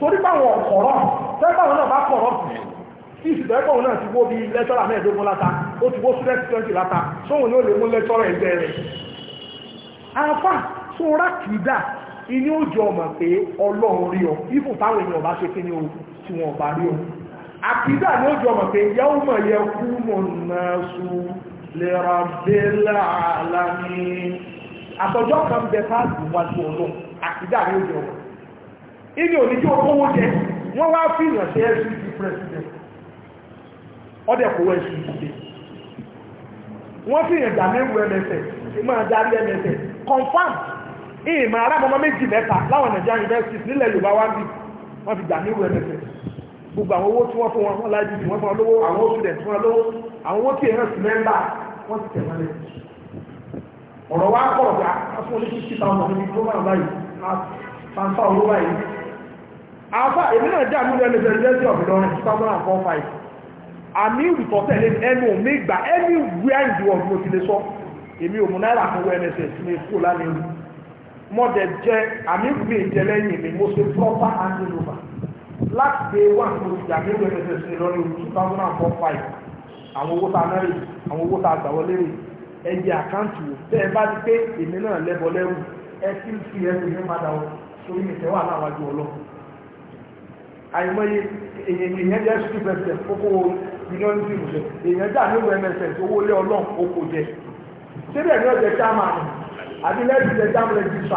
torí báwọn ọ̀kọ̀rọ̀ tẹ́gbàwọn náà bá kọ̀rọ̀ sí ìsìtẹ́gbàwọn náà ti wó bí lẹ́tọ́rà mẹ́ẹ̀dógún láta ó ti wó student twenty láta sóhun ni ó lè mú lẹ́tọ́rà ẹgbẹ́ rẹ̀ afá tó rákìdá inú òjò ọmọ pé ọlọ́run rí ọ ìfún táwọn èèyàn bá ṣe kí ní ogun tí wọ́n bá rí o àkídà ní ojú ọmọ pé yàwó mọ̀ yẹ kú mọ̀ náà su lè bẹ́lá alámi president ìmọ̀ arábọmọ méjì mẹ́ta láwọn Nigerian universities nílẹ̀ Yorùbá wá bí wọ́n fi gbà mẹ́wùú ẹ̀mẹ́fẹ̀ gbogbo àwọn owó tí wọ́n fún wọn wọ́n lájú tí wọ́n fún wọn lówó àwọn oṣù rẹ̀ tí wọ́n lówó àwọn owó tí èèyàn sì mẹ́ńbà wọ́n ti tẹ̀ mọ́lẹ̀. ọ̀rọ̀ wa kọ̀ ọ̀gá fún oní fifty thousand níbi tó máa báyìí pàǹpá owó báyìí. àfa èmi náà dé àmì ìrẹ́lẹ̀ presidency of Ilorin two thousand and four five àmì ìrùtọ́ tẹ̀lé ẹnu mi gbà ẹni wíwá ìdíwọ̀ mo ti lè sọ èmi ò mú náírà fún wnss mi kú lánàá mo dẹ̀ jẹ àmì ìrùmí ìjẹlẹ́yìn mi mo ṣe proper hand over láti dé wà ní olùjà ní ìwé ẹsẹ̀ sí lọ́rí two thousand and four five àwọn owó a àwọn owó rè ẹ àkáǹtì wò tẹ́ ẹ bá ti pé èmi náà lẹ́bọ lẹ́rù ẹ ti fi ẹrù yẹn padà wọ sórí mi tẹ́wà náà ọlọ́ àìmọye jẹ́ kókó jà ní ìwé mss owó lé oko jẹ síbẹ̀ ní chairman àbí lẹ́yìn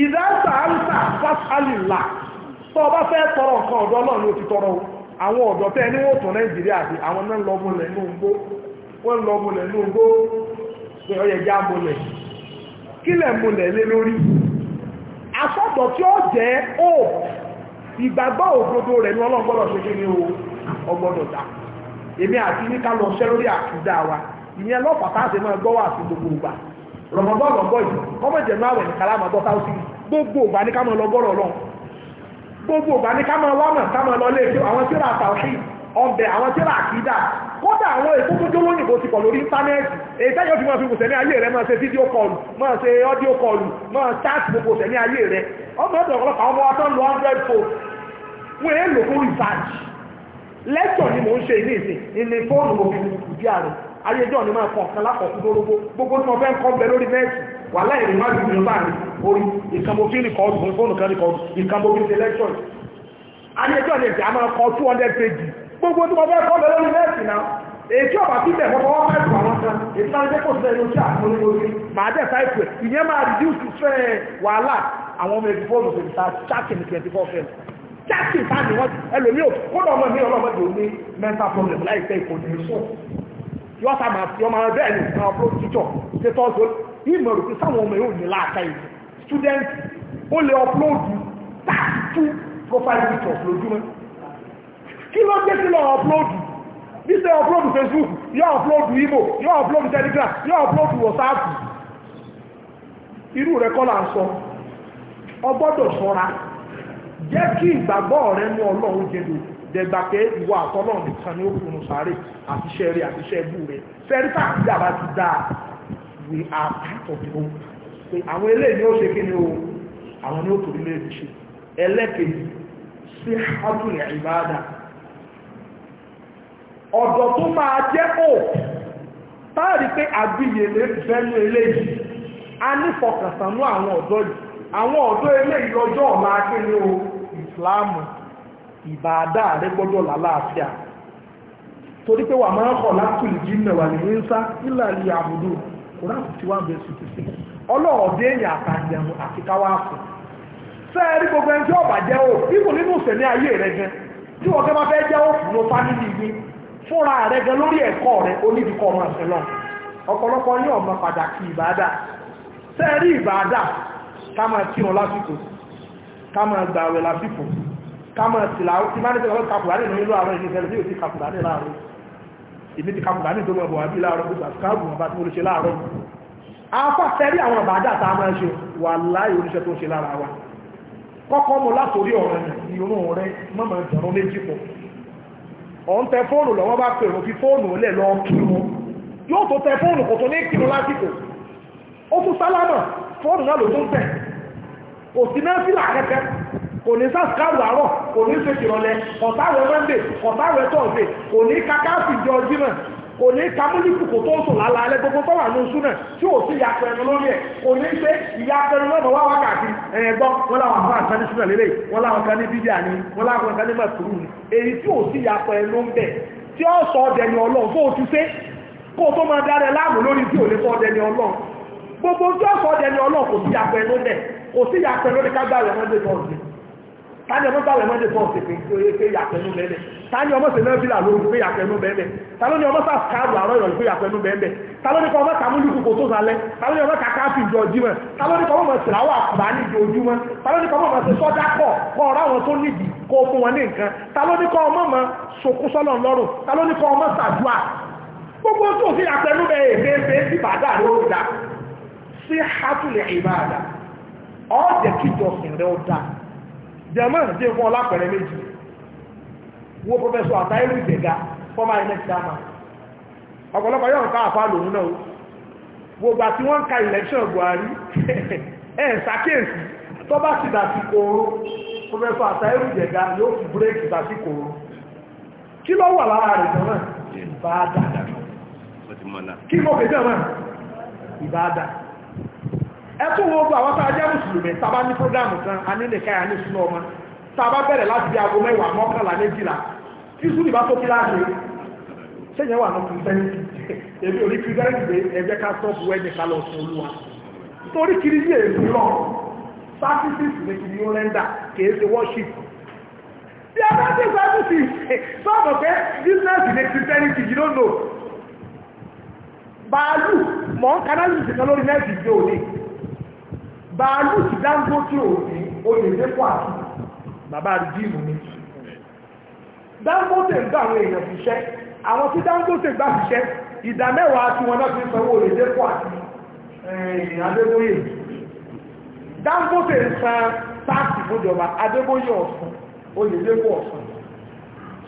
ìdáǹtà àǹtà fásálìlà tó bá fẹ́ tọrọ nǹkan ọ̀dọ́ náà ó tọrọ àwọn ọ̀dọ́ tẹ́ ní wọ́n nàìjíríà sí àwọn náà lọ múlẹ̀ ní ògbó wọ́n lọ múlẹ̀ ní pé já múlẹ̀ múlẹ̀ lé lórí tí ó jẹ́ ó ìgbàgbọ́ òdodo rẹ̀ ní ni ọgbọ́dọ̀ rọ̀mọ̀bọ́ rọ̀mọ̀bọ́ yìí ọmọ ìjẹ̀nú àwẹ̀ ní kàlámà bọ́ táwùsì gbogbo ògbà ní kámọ̀ lọ gbọ́rọ̀ lọ gbogbo ògbà ní kámọ̀ wámọ̀ kámọ̀ lọ lé àwọn tíra àtàwọ̀sì ọbẹ̀ àwọn tíra àkídà kódà àwọn èkó tó jówó òyìnbó ti pọ̀ lórí íńtánẹ́ẹ̀tì èyí tẹ́yọ́ ti máa fi gòsẹ̀ ní ayé rẹ̀ máa ṣe fídíò kọlù máa ṣe ọ́díò kọlù máa ṣáàtì gbogbo ṣẹ̀ ní ayé rẹ̀ ọmọ ẹ̀dọ̀ ọ̀pọ̀lọpọ̀ àwọn ọmọ ọdún lọ 100 fold wọ́n èé lò fún research lẹ́tọ̀ ni mò ń ṣe ní ìsìn ìní fóònù òfin ìdí ààrẹ ayéjọ́ ni máa kàn kan lápọ̀kú lórógbó gbogbo tí wọ́n fẹ́ ń kọ́ bẹ lórí nẹ́ẹ̀tì wà láìrìn má dùn nípa rí orí ìkàmòfin rìkọ́ọ̀dù fún fóònù kan rìkọ́ọ̀dù ìkàmòfin selection ayéjọ́ ni ẹ̀jẹ̀ a máa kọ́ 200 pages gbogbo tí wọ́n fẹ́ kọ́ bẹ lórí nẹ́ẹ̀tì náà èyí ọba bíbẹ̀ mọ́ fọwọ́ pẹ̀lú àwọn kan èyí láti jẹ́ kò sílẹ̀ inú tí àkúrú lórí máa dẹ̀ táìpù ẹ̀ ìyẹn máa reduce fẹ́ wàhálà àwọn ọmọ ẹ̀dùn fóònù fèrè ta chatin 24 fẹ́ chatin bá ní wọ́n ẹlòmíò kódà ọmọ mi ọlọ́mọdé ò ní mental problem láìpẹ́ ìkòdì ìṣọ́ yóò sá máa fi ọmọ bẹ́ẹ̀ ni àwọn ọ̀pọ̀ títọ̀ ṣe tọ́jú ìmọ̀ rò pé sáwọn ọmọ yóò ní láàká yìí student ó lè ọ̀pọ̀lọ́dù tààtú profile pictures lójúmọ́ kí ló dé sí lọ ọ̀pọ̀lọ́dù bí ṣe ọ̀pọ̀lọ́dù Facebook yóò ọ̀pọ̀lọ́dù Igbo yóò ọ̀pọ̀lọ́dù Telegram yóò ọ̀pọ̀lọ́dù WhatsApp irú rẹ̀ kọ́ là ń sọ ọgbọ́dọ̀ ṣọ́ra jẹ́ kí ìgbàgbọ́ rẹ̀ ní Ọlọ́run jẹ́ lójú dẹ̀gbà pé ìwọ àtọ́nà nìkan ni ó kùnú sáré àtiṣẹ́ rẹ̀ àtiṣẹ́ ẹbú rẹ̀ sẹ́ríkà àti àbá ti dáa we are part of the whole pé àwọn eléyìí ni ó ṣe kí ni o àwọn ni ó torí lè ṣe ẹlẹ́kẹ̀ẹ́ sí àtúnyà ìbáadà ọ̀dọ̀ tó máa jẹ́ ò táàrí pé àgbìyèlé bẹ́nu eléyìí a nífọkànsánú àwọn ọ̀dọ́ yìí àwọn ọ̀dọ́ eléyìí lọ́jọ́ ọ̀la kí ni o ìsìláàmù Ibaada rẹ torí pé wà máa ń kọ̀ látùlù wà àbúdó ọlọ́ọ̀dẹ́ àti gbogbo ẹni tí ọ̀bà jẹ́ òkú ibù nínú ìsẹ̀mí ayé rẹ gan tí wọ́n fẹ́ máa fẹ́ jẹ́ òkú ló fámìlì yìí fúnra rẹ gan lórí ẹ̀kọ́ rẹ onídìkọ́ ọmọ ẹ̀sẹ̀ ọ̀pọ̀lọpọ̀ ní ọmọ pàtàkì ìbàdà sẹ́ẹ̀rí ìbàdà ká máa lásìkò ká máa kámọ̀ tìlàwó tí máa ní tẹ́lẹ̀ kàkùránì ní ìlú àwọn ìníṣẹ́lẹ̀ tí ó ti kàkùránì láàárọ̀ ìmí ti kàkùránì tó mọ̀ bọ̀wà bí láàárọ̀ bí sàkáàbù wọn bá tí ó lè ṣe láàárọ̀ afá fẹ́rí àwọn àbájá tá a máa ṣe wà láì oníṣẹ́ tó ń ṣe lára wa kọ́kọ́ mú látòrí ọ̀rọ̀ ní irú rẹ mọ́mọ́ ìdọ̀rọ̀ méjì pọ̀ ọ̀ ń tẹ fóònù lọ́wọ́ bá pèrò fi fóònù lẹ̀ lọ kírun yóò tó tẹ fóònù kò tó ní kírun lásìkò ó tún sálámà fóònù náà ló tún tẹ̀ kò sí náà sí làkẹ́kẹ́ kò ní sàkáàrù àárọ̀ kò ní ṣe ìrọ̀lẹ́ ọ̀sáwẹ̀ mọ́ndé ọ̀sáwẹ̀ tọ̀sẹ̀ kò ní kákáàsì jọ jímọ̀ kò ní kamúlìkù kò tó sùn lálẹ́ alẹ́ gbogbo tó wà ní oṣù náà tí ò sí ìyàpẹ̀ ẹ̀rọ lórí ẹ̀ kò ní ṣe ìyàpẹ̀ ẹ̀rọ lọ́nà wá wákàtí ẹ̀gbọ́n wọn làwọn àwọn àṣà ní sílẹ̀ lélẹ̀ wọn làwọn kan ní bíbíà ni wọn làwọn kan ní mẹ̀kúrú ni èyí tí ò sí ìyàpẹ̀ ẹ̀rọ ń bẹ̀ tí ó sọ ọdẹni ọlọ́run kó o ti ṣe kó o tó máa dára láàmú lórí tí ò lè sọ ọdẹni ọlọ́run tani ọmọ sálẹ̀ mọ́dé fún ọ̀sẹ̀ pé kí oye pé yàtẹ̀nu bẹ́ẹ̀ tani ọmọ sẹ̀mẹ́ fìlà lórí pé yàtẹ̀nu bẹ́ẹ̀ tani ọmọ sàkáàbù àárọ̀ ìrọ̀lẹ́ pé yàtẹ̀nu bẹ́ẹ̀ tani ọmọ ọmọ tàmúlù kòkò tó sálẹ̀ tani ọmọ kàkà fi ìjọ jímọ̀ tani ọmọ ọmọ sìláwà àkùbá ní ìjọ ojúmọ́ tani ọmọ ọmọ sí sọ́jà pọ̀ kọ́ ọ̀rọ̀ àwọn tó nídìí kó fún wọn ní nǹkan tani ọmọ ọmọ sokú sọ́lọ̀ tani ọmọ sàdúà gbogbo tó fi yàtẹ̀nu bẹ́ẹ̀ bẹ́ẹ̀ bí bàdà rẹ̀ ó da sí hátùlẹ̀ ìbáàdà ọ̀ọ́dẹ̀ kíjọ sìn rẹ̀ ó da jẹ́mọ́ jẹ́ fún ọlápẹ̀rẹ̀ méjì wo pọ́fẹ́sọ àtàírù ìgbẹ̀gá fọ́mà ilẹ̀ ìdámà ọ̀pọ̀lọpọ̀ yóò ká àfá lòun náà gbogbo àti wọ́n ń ka election Buhari ẹ̀ ṣàkíyèsí tó bá ti dà sí kòòrò pọ́fẹ́sọ àtàírù ìgbẹ̀gá yóò fi búrẹ́kì dà sí kòòrò kí ló wà lára rẹ̀ jẹ́mọ́ ìbáadà kí mo ẹtún wo gbọ́ àwọn tá a jẹ́ mùsùlùmí tábà ní programu kan anílẹ̀ká yà ní sunu ọmọ tábà bẹ̀rẹ̀ láti bí aago mẹ́wàá mọ́kànlá méjìlá tí sùn ìbá tó kíláàsì sẹ́yìn wà lọ́kùn sẹ́yìn èmi ò ní kí sẹ́yìn gbé ẹgbẹ́ ká sọ́ọ̀bù ẹ̀jẹ̀ ká lọ fún olúwa torí kiri yé èmi lọ services ní kiri ó lẹ́ndà kì í ṣe worship bí a bá dé services sọ́ọ̀bù pé business ní christianity you don't know bàálù mọ̀ ń kanáà lùsì kan lórí nẹ́ẹ̀sì ìjọ òní bàálù ti Dangote òní olèdèkọ àti bàbá rìdíìmù ni Dangote ń gbà àwọn èèyàn ṣiṣẹ́ àwọn tí Dangote gbà ṣiṣẹ́ ìdá mẹ́wàá tí wọn náà fi sanwó olèdèkọ àti Adébóyè Dangote ń san táàkì fúnjọba Adébóyè ọ̀sán olèdèkọ ọ̀sán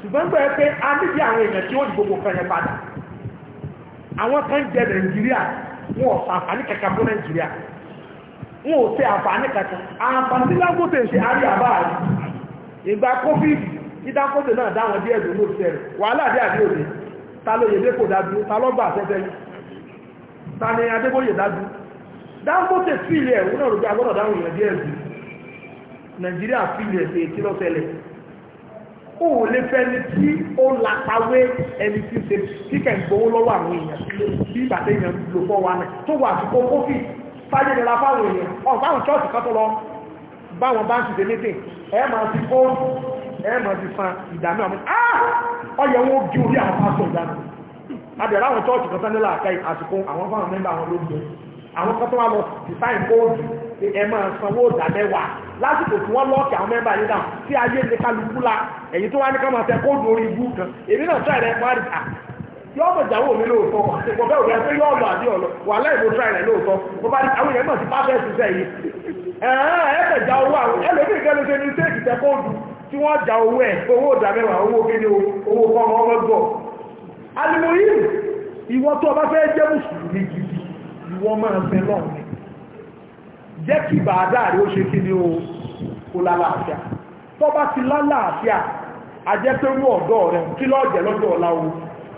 ṣùgbọ́n gbẹ̀rẹ̀ pé a níbi àwọn èèyàn tí ó gbogbo kan yẹn padà àwọn kan jẹ Nàìjíríà wọn ọ̀sán àǹfààní kẹkẹ fún Nàìjíríà wọn ò tẹ àǹfààní kankan àǹfààní tí Dangote ṣe àrí àbá rẹ̀ ìgbà covid tí Dangote náà dáwọn díẹ̀ dùn ló ṣẹlẹ̀ wàhálà dé àdé òde ta ló yẹ dépò dájú ta ló gbà afẹ́fẹ́ yìí ta ni Adébóyè dájú Dangote fílẹ̀ ẹ̀wọ́n náà rògbé agbọ́dọ̀ dáwọn èèyàn díẹ̀ dùn Nàìjíríà fílẹ̀ ṣe kí ló ṣẹlẹ̀ ó ò lè fẹ́ ni tí ó lápawé ẹni tí ṣe kíkẹ̀ gbowó lọ́wọ́ àwọn èèyàn bí ìbàdàn èèyàn lò fọ́ wa náà tó wà àsìkò fáyé nira fáwọn èèyàn ọ̀ báwọn chọ́ọ̀tì kan tó lọ báwọn báńkì dé méjì ẹ máa ti kó ẹ máa ti san ìdàmú àmì ah! ọyẹ wọn gé orí àwọn pásítọ̀ ìdàmú adẹ̀rẹ̀ àwọn chọ́ọ̀tì kan sánilá àkáì àsìkò àwọn fáwọn mẹ́mbà àwọn olóògbé àwọn kan tó wá lọ design bóòdù ẹ máa sanwó ìdá mẹ́wàá lásìkò tí wọ́n lọ́ọ̀kì àwọn mẹ́mbà yìí dáhùn tí ayé ní kálukú la èyí tó wá ní ká máa tẹ kóòdù orí ibú kan èmi náà sọ ẹ̀rẹ́ yọ ọmọ ìjáwó mi lóòótọ́ àtìpọ̀ bẹ́ẹ̀ òbí ẹgbẹ́ yọ ọmọ àdí ọ̀lọ́ wà láìmọ̀ tíra ilẹ̀ lóòótọ́ mo bá àwọn èèyàn mọ̀ sí pàfẹ́ẹ̀sì sẹ́ yìí ẹ̀ẹ́dẹ̀ já owó àwọn ẹlòmíì kẹ́lú ṣe ní stéèkì tẹ́kọ́ọ̀dù tí wọ́n já owó ẹ̀ owó ìdámẹ́wàá owó owo owó kọ́mọ ọmọ gbọ́ ìwọ tó ọba fẹ́ jẹ́ mùsùlùmí gidi ìwọ o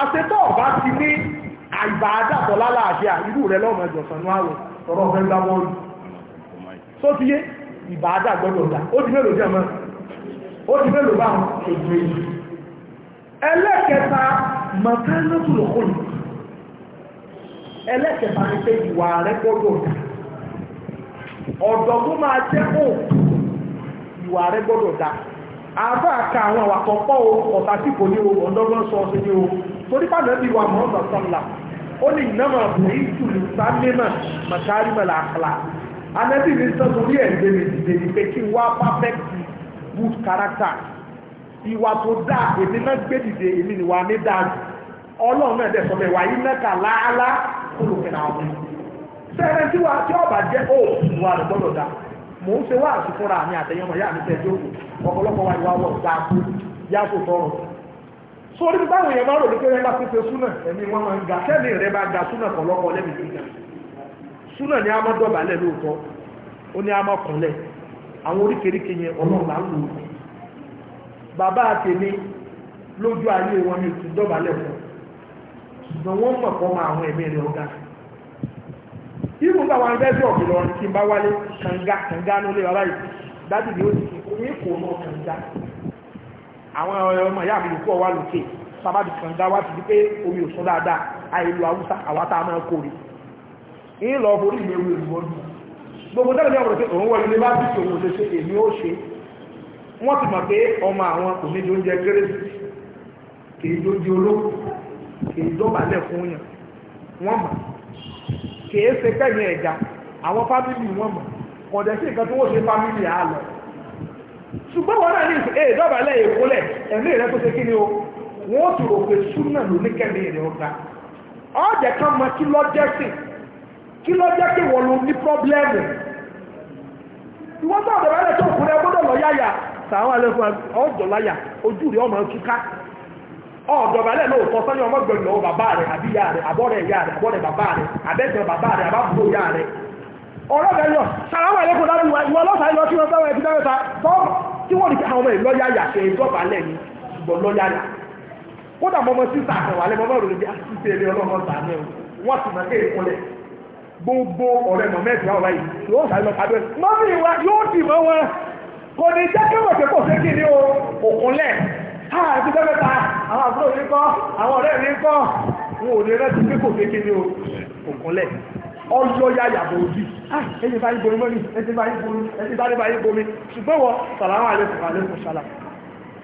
àṣetọ́ ọ̀bá ti ní àìbà àdàpọ̀ lálàáfíà irú rẹ̀ lọ́mọ ìjọsàn ní àwẹ̀ ọ̀rọ̀ ọ̀fẹ́ gbá bọ́ọ̀lù tó ti yé ìbà àdàgbọ́dọ̀ dà ó ti mélòó jẹ́ mọ́ ó ti mélòó bá wọn èdè èyí ẹlẹ́kẹta mọ̀kánlọ́tùlọ́kọ́lù ẹlẹ́kẹta ni pé ìwà rẹ̀ gbọ́dọ̀ dà ọ̀dọ̀ tó máa jẹ́ kó ìwà rẹ̀ gbọ́dọ̀ dà àbá ka àwọn àwàkọ̀pọ̀ ọ̀tà tí kò ní o ọ̀dọ́gbọ́n sọ ọ́ sí ní o torí pàdé bí wà mọ́ ọ̀sán sọ́nla ó ní ìnáwó àbúrí ìtùlù sámémà màkàrí mẹ́la àkàlà anabi ní sọ́nù orí ẹ̀ dèrè dèrè pé kí n wá pàfẹ́kì good character ìwà tó dáa èmi náà gbé dìde èmi ni wà ní dáa ọlọ́run náà dẹ̀ sọ bẹ́ẹ̀ wà yí mẹ́ta láálá kúròkè náà wọ́n sẹ́rẹ̀ tí wà tí ọba jẹ́ ó ìwà rẹ̀ gbọ́dọ̀ dáa mò ń ṣe wá àsìkò ra àmì àtẹ̀yẹmọ̀ yá àmì yá tó tọrọ sórí bí báwọn èèyàn bá rò wípé ẹgbà pípé súnà ẹ̀mí wọn máa ń ga kẹ́mi rẹ bá ga súnà kan súnà ni a máa dọ̀bálẹ̀ lóòótọ́ ó ní a máa kànlẹ̀ àwọn oríkèéríkè yẹn ọlọ́run ń lò ó bàbá àtẹ̀mí lójú ayé wọn ni ti dọ̀bálẹ̀ fún ṣùgbọ́n wọ́n mọ̀ kọ́ máa àwọn ẹ̀mí rẹ ọ̀gá irú bá wọn bẹ́ẹ̀ bí àwọn ọmọ ìyá mi lòkú ọwá lòkè sábàbí kan dá wá ti di pé omi ò sún dáadáa àìlú haúsá àwátá máa kórè ìlọ orí ilé ewu ìlú ọdún gbogbo tẹ́lẹ̀ ní ọ̀rọ̀ pé òun wọlé ní bá bí òun lè ṣe èmi ó ṣe wọ́n ti mọ̀ pé ọmọ àwọn kò ní oúnjẹ kérésì kìí tó di olóko ṣùgbọ́n wọn náà ní ìdọ́bàlẹ̀ ìkólẹ̀ ẹ̀mí tó ṣe kí ni o wọ́n tún rò pé súnà lóníkẹ́mi rẹ̀ ọ̀gá ọ̀jẹ̀ kan mọ kí lọ jẹ́ sí kí lọ jẹ́ kí wọ́n lo ní pọ́blẹ́mù ìwọ́n tó ọ̀dọ̀bàlẹ̀ tó kún rẹ ọmọ gbẹ̀rẹ̀ bàbá rẹ̀ rẹ̀ rẹ̀ bàbá rẹ̀ bàbá rẹ̀ ọ̀rọ̀ gẹ̀yọ̀ sàrámà lẹ́kọ̀ọ́ dábì wa ìwọ ọlọ́sàá ìlọ tí wọ́n fẹ́ràn ẹbí dáwẹ́ta tọ́ tí wọ́n dìkẹ́ àwọn ìlọ́yà yà ṣe ìjọba lẹ̀ ní ṣùgbọ́n lọ́yà yà kódà mọ́mọ́ sísà àtẹ̀wà lẹ́ mọ́mọ́ òròlé bí àṣìṣe ilé ọlọ́mọ sàánú wọ́n sì máa kéèkó lẹ̀ gbogbo ọ̀rẹ́ mọ̀mẹ́sì àwọn báyìí yóò sàlọ pàdé mọ́mí wa yóò dì mọ́ wọn kò ní jẹ́ kí wọ́n tẹ́kọ̀ọ́ sí kí ní òkúnlẹ̀ àti dẹ́mẹ́ta àwọn àbúrò mi kọ́ àwọn ọ̀rẹ́ mi kọ́ wọn ò ní rántí pé kò sí kí ní òkúnlẹ̀ ọyọ ya yàbọ̀ òjì ah, ẹni bá yí bomi mọ́ni ẹni bá yí bomi ẹni bá yí bomi ṣùgbọ́n wọ sàlámà àlékún àlékún sálà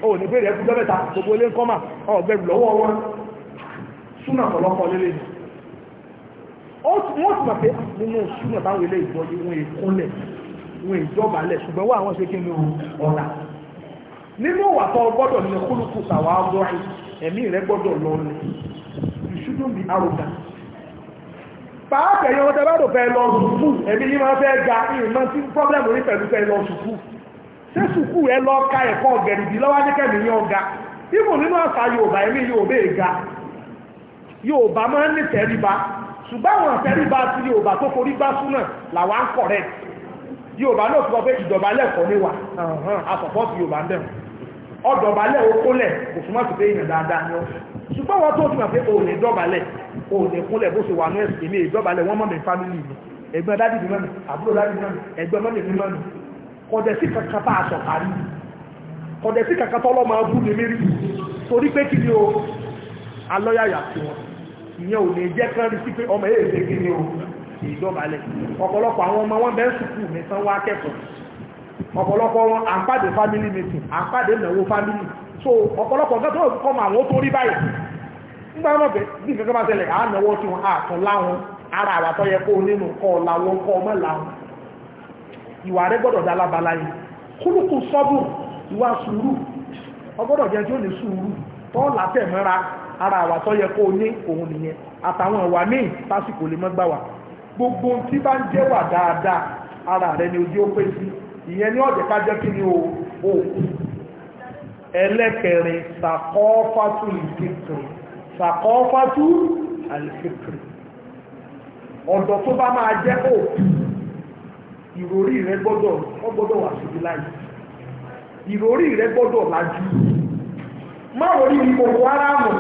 ó ní bèrè ẹkú dọ́mẹ́ta gbogbo ilé kọ́mà ọ̀gbẹ̀rù lọ́wọ́ wọn súnà ọ̀lọ́kọ̀ lélẹ̀ ni wọ́n ti mọ̀ pé ah, nínú súnà táwọn ilé ìjọ yìí wọ́n ìkúnlẹ̀ wọ́n ìjọba lẹ̀ ṣùgbọ́n wọ́n àwọn ṣe kí ni ọ̀la nínú you shouldn't be arrogant pàápẹ̀ yọ wọ́tẹ́ bá lò fẹ́ lọ sùkú ẹ̀mí yí máa fẹ́ ga ìrìnà tí problem orí pẹ̀lú fẹ́ lọ sùkú ṣé sùkú ẹ lọ ka ẹ̀kọ́ gẹ̀rìdì lọ́wọ́ ní kẹ́mi yọ ga ibùn nínú àṣà Yorùbá ẹ̀mí Yorùbá ga Yorùbá máa ń ní tẹríba ṣùgbọ́n àwọn tẹríba ti Yorùbá tó forí gbá súnà làwa ń kọ̀rẹ́ Yorùbá náà fi kọ́ pé ìdọ̀bálẹ̀ kọ́ ní wa àsọ̀pọ̀ ti Yorùbá ń bẹ̀rù ọdọ̀bálẹ̀ okólẹ̀ kò súnmọ́ sí pé èèyàn dáadáa ni ó ṣùgbọ́n wọn tó túnmọ̀ pé òun ní dọ̀bálẹ̀ òun ní kúnlẹ̀ bó ṣe wà ní ẹ̀sìn èmi ìdọ̀bálẹ̀ wọ́n mọ̀ mi fámìlì mi ẹ̀gbọ́n dádì mi mọ̀ mi àbúrò dádì mi mọ̀ mi ẹ̀gbọ́n mọ̀ mi mọ̀ mi kọ̀dẹ̀sí kankan tá a sọ̀ parí kọ̀dẹ̀sí kankan tọ́lọ́ máa bú mi mérí torí pé kí ni o alọ́yàyà tí wọn ìyẹn ò ní jẹ́ kán rí sí pé ọmọ èèyàn ṣe kí ni o ìdọ̀bálẹ̀ ọ̀pọ̀lọpọ̀ àwọn ọmọ wọn bẹ́ẹ̀ sùkúù mi tán wá kẹ́kọ̀ọ́ ọ̀pọ̀lọpọ̀ wọn à ń pàdé family meeting à ń pàdé ìnáwó family so ọ̀pọ̀lọpọ̀ nǹkan tó kọ́ mọ àwọn tó rí báyìí nígbà wọn bẹ bí nǹkan bá ṣẹlẹ̀ àá náwó tí wọn àtún láwọn ara àwa tó yẹ kó nínú kọ́ làwọn kọ́ ọmọ làwọn ìwà rẹ gbọ́dọ̀ dá lábala yìí kúlùkù sọ́bù ìwà sùúrù ọgbọ́dọ̀ jẹ́ tí ó ní sùúrù tó látẹ̀mọ́ra ara àwa tó yẹ kó ní òun nìyẹn àtàwọn ìwà míì tásìkò lè mọ́gbà wà gbogbo tí bá ń jẹ́wà dáadáa ara rẹ ni ojú ó pé sí ìyẹn ní ọ̀jẹ̀ ká jẹ́ kí ni òkú ẹlẹ́kẹrin sàkọ́fàtú ìfikiri sàkọ́fàtú àlìfikiri ọ̀dọ̀ tó bá máa jẹ́ òkú ìròrí rẹ gbọ́dọ̀ gbọ́dọ̀ wà síbi láyé ìròrí rẹ gbọ́dọ̀ lájú má wò ara mọ̀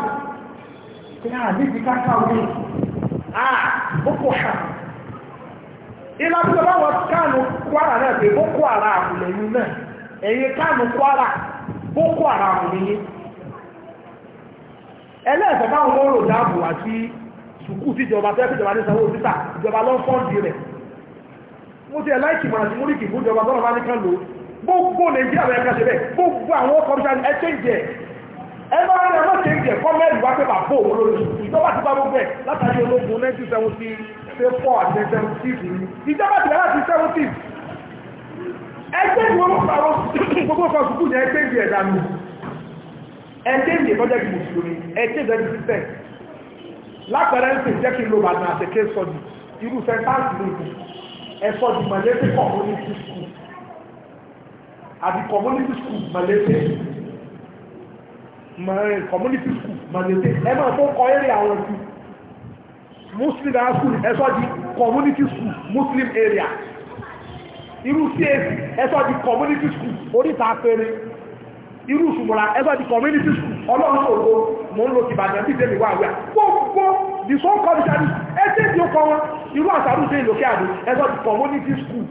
pé à níbi káká wí à boko haram ìlànà kwara náà pé boko haram lẹ́yìn kwara. boko haram nílé ẹlẹ́ẹ̀fẹ́ báwọn wọ́n rò dáàbò àti sùkú tíjọba tẹ́ẹ̀kì ìjọba ní sanwó títà ìjọba lọ fọ́ǹdì rẹ̀ mo ti ẹ̀láìkì mọ̀ àti múríkì fún ìjọba tọ́lọ̀ bá ní kan lò gbogbo nàìjíríà rẹ̀ kan ṣe bẹ́ẹ̀ gbogbo àwọn kọmíṣà ẹ chẹ́ǹjẹ̀ ẹ bá rẹ̀ ẹ má chẹ́ǹjẹ̀ kọ́mẹ́lì wá pé bàbá òun lórí ìjọba ti bá gbogbo ẹ̀ látàrí ológun 1970 ṣe 4 àti 76 ìjọba ti bẹ̀rẹ̀ láti 70 ẹgbẹ́ ìwọ̀n mọ́pàá gbogbo ọkọ̀ sùkú ní ẹgbẹ́ ìdí ẹ̀dà mi ẹgbẹ́ ìdí ẹ̀kọ́ jẹ́ kí mùsùlùmí ẹgbẹ́ ìdí ẹ̀dẹ́ lápẹẹrẹ ń pè jẹ́ kí ló bá náà àtẹ̀kẹ́ sọ́dì irú sẹ́ńtáàsì lóògùn ẹ̀sọ́ di mọ̀lẹ́sẹ̀ community school àbí community school mọ̀lẹ́sẹ̀ community school mọ̀lẹ́sẹ̀ ẹ máa tó kọ eré àwọn ẹ̀sìn muslim school ẹ̀sọ́ di community school muslim area irú CAC ẹ̀sọ́ di community school oríta péré irú ìṣùmọ̀ra ẹ̀sọ́ di community school ọlọ́run ògbó mò ń lo ìbàdàn bí tèmi wà wíà gbogbo the so called service ẹ̀sẹ̀ tí ó kọ́ wọn irú àṣàrù sí ìlòkè àdó ẹ̀sọ́ di community school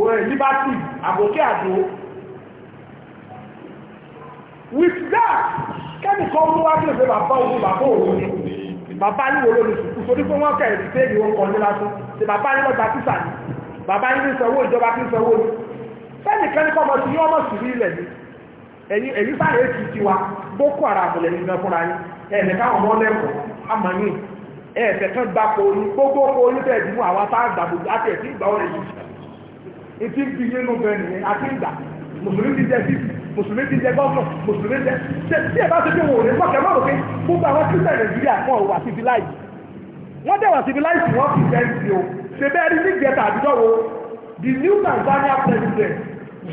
òrẹ̀ liberty àbòkè àdó with that kẹ́mìkan ló wá bèèrè bàbá òun bàbá òun ni bàbá ní wo ló ní sùkúrú torí pé wọ́n kẹ̀rì sí èdè òun kan ní lásán ti bàbá ní lọ́gbà tísà ní bàbá yín ní sanwó ìjọba kí ń sanwó ni sẹ́ni kan ní kọ́mọ sí yín ọmọ sùúrù ilẹ̀ ni ẹ̀yin ẹ̀yin sáré èsì tiwa boko haram lẹ́yìn náà fúnra yín ẹ̀ẹ̀dẹ̀ káwọn ọmọ lẹ́kọ̀ọ́ amọ̀yìn ẹ̀ẹ̀dẹ̀ kan gba kòòyìn gbogbo kòòyìn bẹ́ẹ̀ dùn àwọn tá a gbà gbogbo àti ẹ̀sìn ìgbà ọ̀rẹ́ yìí etí ń bí yín ló bẹ nìyẹn àti ìgbà mùsùlùmí ti jẹ sí mùsùlùmí ti jẹ gọ́ọ̀nà mùsùlùmí jẹ ṣe tí ẹ bá ti dé wò ó lè mọ̀kẹ́ mọ̀ lókè gbogbo àwọn kírísítẹ̀ nàìjíríà wọn ò wà síbi láì wọ́n dẹ̀ wà síbi láì sí wọ́n fi fẹ́ẹ́ sí o ṣèbẹ́ ẹni nígbẹ̀ta àbíjọ́ the new Tanzania president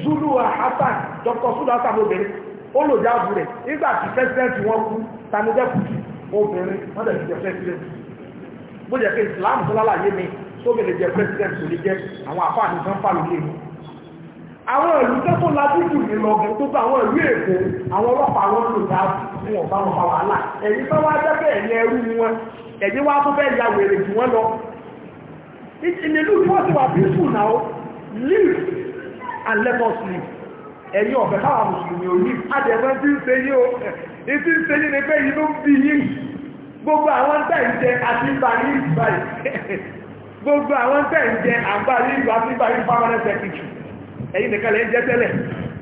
Zulu Hassan Dr. Sulu Hassan obìnrin ó lò nígbà tí president wọn kú tanijẹ́ kùtù obìnrin wọ́n dẹ̀ ti jẹ́ president bó pé Islam tó lálàyé mi sóbì lè president tó lè jẹ́ àwọn àfáàní Awọn fà lókè mi àwọn ìlú tẹ́kọ̀ ní lọ́gùn tó bá àwọn ìlú èkó àwọn ọlọ́pàá wọn lò dá fún ọ̀bá wọn bá wàhálà ya wèrè jù It in a look what you are peaceful now live and let us live ẹ̀yin ọ̀bẹ̀ káwà mùsùlùmí ò ní àdẹ̀mọ́ tí ń ṣe yí o ìtí ń ṣe yí ní pé yí ló ń bí yí gbogbo àwọn tẹ́ ń jẹ àti ìgbà ní ìgbà gbogbo àwọn tẹ́ ń jẹ àgbà ní ìgbà àti ìgbà ní permanent secretary ẹ̀yin nìkan lẹ́ ń jẹ tẹ́lẹ̀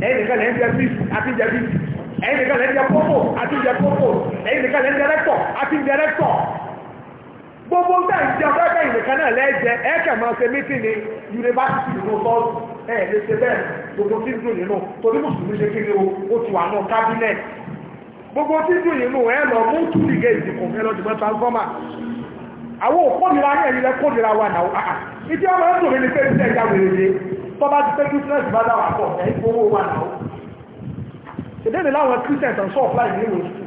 ẹ̀yin nìkan lẹ́ ń jẹ bíìsì àti jẹ bíìsì ẹ̀yin nìkan lẹ́ ń jẹ pọ́pọ̀ àti jẹ pọ́pọ̀ ẹ̀yin nìkan lẹ́ ń jẹ rẹ́pọ̀ àti jẹ rẹ́pọ̀ gbogbo bẹ́ẹ̀ ń jẹ ọ̀fẹ́fẹ́ ìnìkan náà lẹ́jẹ ẹ̀ẹ́kẹ̀ máa ṣe mítì ní yunifásitì ìlú sọ́ọ̀tù ẹ̀ lè ṣe bẹ́ẹ̀ gbogbo tí ń dùn nínú torí mùsùlùmí ṣe kí ni o ó tu wà nù kábínẹ̀tì gbogbo tí ń dùn nínú ẹ lọ mú tù nìgẹ̀ ìdìbò ẹ lọ dìbò transformer àwọn òkòdìrà ní ẹ̀yìn lẹ kòdìrà wà náà àà ah, ah. ìdí ọmọ ẹ̀dùn mi ni pé ìṣẹ́ ìjà wèrèrè tó bá ti pé business bá dáwà pọ̀ ẹ̀yìn fowó wà náà ṣèdè ní láwọn christians and sọ́ọ̀fly ní ìwòsàn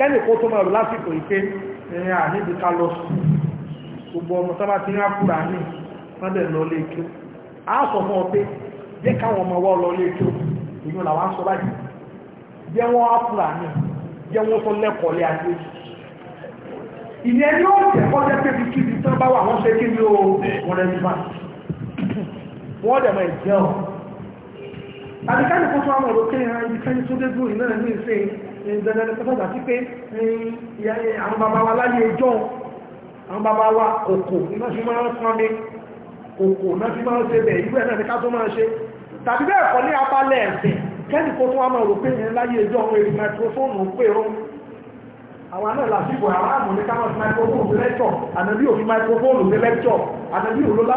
kẹ́lì kó tó máa lásìkò ìpé ẹ̀yìn àníbi ká lọ sùn gbogbo ọmọ tó bá ti rán kúrà ní mọ́dẹ̀ lọ léèkó a sọ fún ọ pé jẹ́ káwọn ọmọ wọ́ lọ léèkó ìyún làwọn aṣọ báyìí jẹ́ wọ́n á kúrà ní jẹ́ wọ́n tó lẹ́kọ̀ọ́ lé ayé ìyẹn ni ó jẹ́ kọ́ jẹ́ pé kí ibi tó bá wà wọ́n ṣe kí ni ó wọ́n rẹ̀ nípa wọ́n dẹ̀ mọ̀ ìjẹ́ ọ̀ àbíkáyì kó tó àwọn ọ̀rọ̀ kéèyàn ibi káyì tó dé dúró ní ìsìn Eh, dandan kọ́sọ̀dá sí pé eh, eh, àwọn bàbá wa láyé ẹjọ́ àwọn bàbá wa kòkò iná fi máa ń fún mi kòkò iná fi máa ń ṣe bẹ̀ ìgbẹ́ náà ni ká tó máa ṣe tàbí bẹ́ẹ̀ kọ́ ní abálẹ̀ ẹ̀sìn kẹ́ni kó tó wá máa rò pé ìyẹn láyé ẹjọ́ ohun èrè microphone pé rún àwọn náà lásìkò àwọn àmọ̀ ní káwọn microphone lẹ́tọ̀ ànàbí òfin microphone lẹ́tọ̀ ànàbí òlólá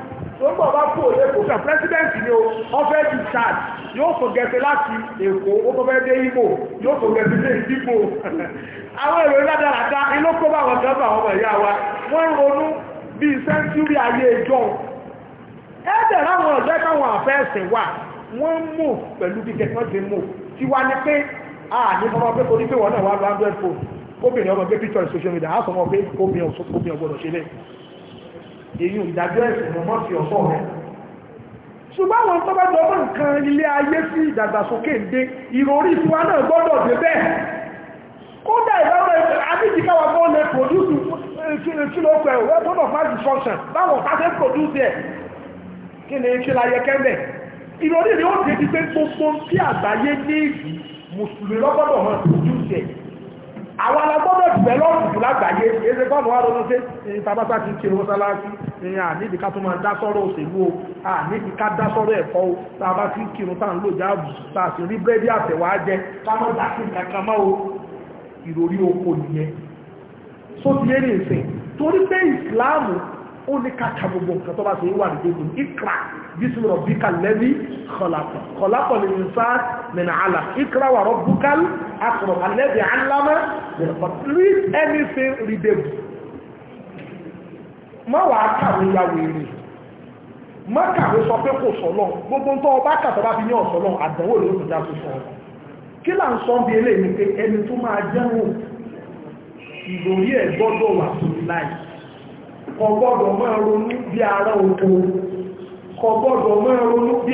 lọ́gbà bá kú òde kú kà pírẹsidẹ́ǹtì ni o ọ̀fẹ́ ti chad yóò fò gẹ̀ẹ́sẹ̀ láti èkó ó tó fẹ́ dé ibo yóò fò gẹ̀ẹ́sẹ̀ dé ibo àwọn èrò ládàradà ilókó bá wọn dábà àwọn ọmọ ìyá wa wọ́n ronú bíi sẹ́ńtúrì ayé ìjọ ẹ̀ẹ́dẹ̀ láwọn ọ̀dọ́ káwọn àfẹ́ ẹ̀sìn wà wọ́n mú pẹ̀lú bí tẹ̀kọ́sì mú tiwa ni pé àní ọmọ pé torí pé wọn náà wà lọ android phone obìnrin ọmọ pé picture social media á sọ ọmọ pé obìnrin ọgbọ́dọ̀ ṣe lẹ́yìn èyí ìdájọ́ ẹ̀sìn mọ́mọ́ sí ọ̀sọ́ rẹ̀ ṣùgbọ́n àwọn tó bá jọmọ́ nǹkan ilé ayé sí ìdàgbàsókè ń dé ìròrí tiwa náà gbọ́dọ̀ dé bẹ́ẹ̀ kódà ìdáwọ̀ àbíjìkáwà eh, tó lè produce kílópẹ̀ weapon of mass destruction báwọn pàṣẹ produce ẹ̀ kí ni kí la yẹ kẹ́mẹ̀ ìròrí rẹ̀ ó dé ti pé gbogbo tí àgbáyé ní ìdí mùsùlùmí lọ́gbọ́dọ̀ hàn produce ẹ̀ àwọn alágbọ́dọ̀ dìbẹ́lọ́pù lágbàáyé ẹsẹ̀ kọ́ àwọn aronú pé ìtàbátà ti kiri mọ́sálásí ìyẹn àníbi ká tó máa dá sọ́rọ̀ òṣèlú o àníbi ká dá sọ́rọ̀ o tàbá ti kiri tá à ń lò jáàbù tá a sì rí búrẹ́dì àtẹ̀wà jẹ kámọ́ dá sí kankan mọ́ o ìròrí oko nìyẹn só ti yé ní ìsìn torí pé ìsìláàmù ó ní káka gbogbo nǹkan tó bá ṣe wà nígbèkùn ikra bísí rọ̀ bíkà lẹ́bí kọ̀lápọ̀ kọ̀lápọ̀ lè ní sáà mẹ́nà àlà ikra akọ̀rọ̀ alẹ́bí alámẹ́ read anything readable má wà á kàwé ya wèrè má kàwé sọ pé kò sọ̀lọ́ gbogbo tó ọba kàtọ́ bá fi ní ọ̀sọ̀lọ́ àdánwò ló ti dáa tó sọ kí là ń sọ bí eléyìí pé ẹni tó máa jẹ́wò ìròyìn ẹ̀ gbọ́dọ̀ wà sórí láì kò gbọ́dọ̀ máa ronú bí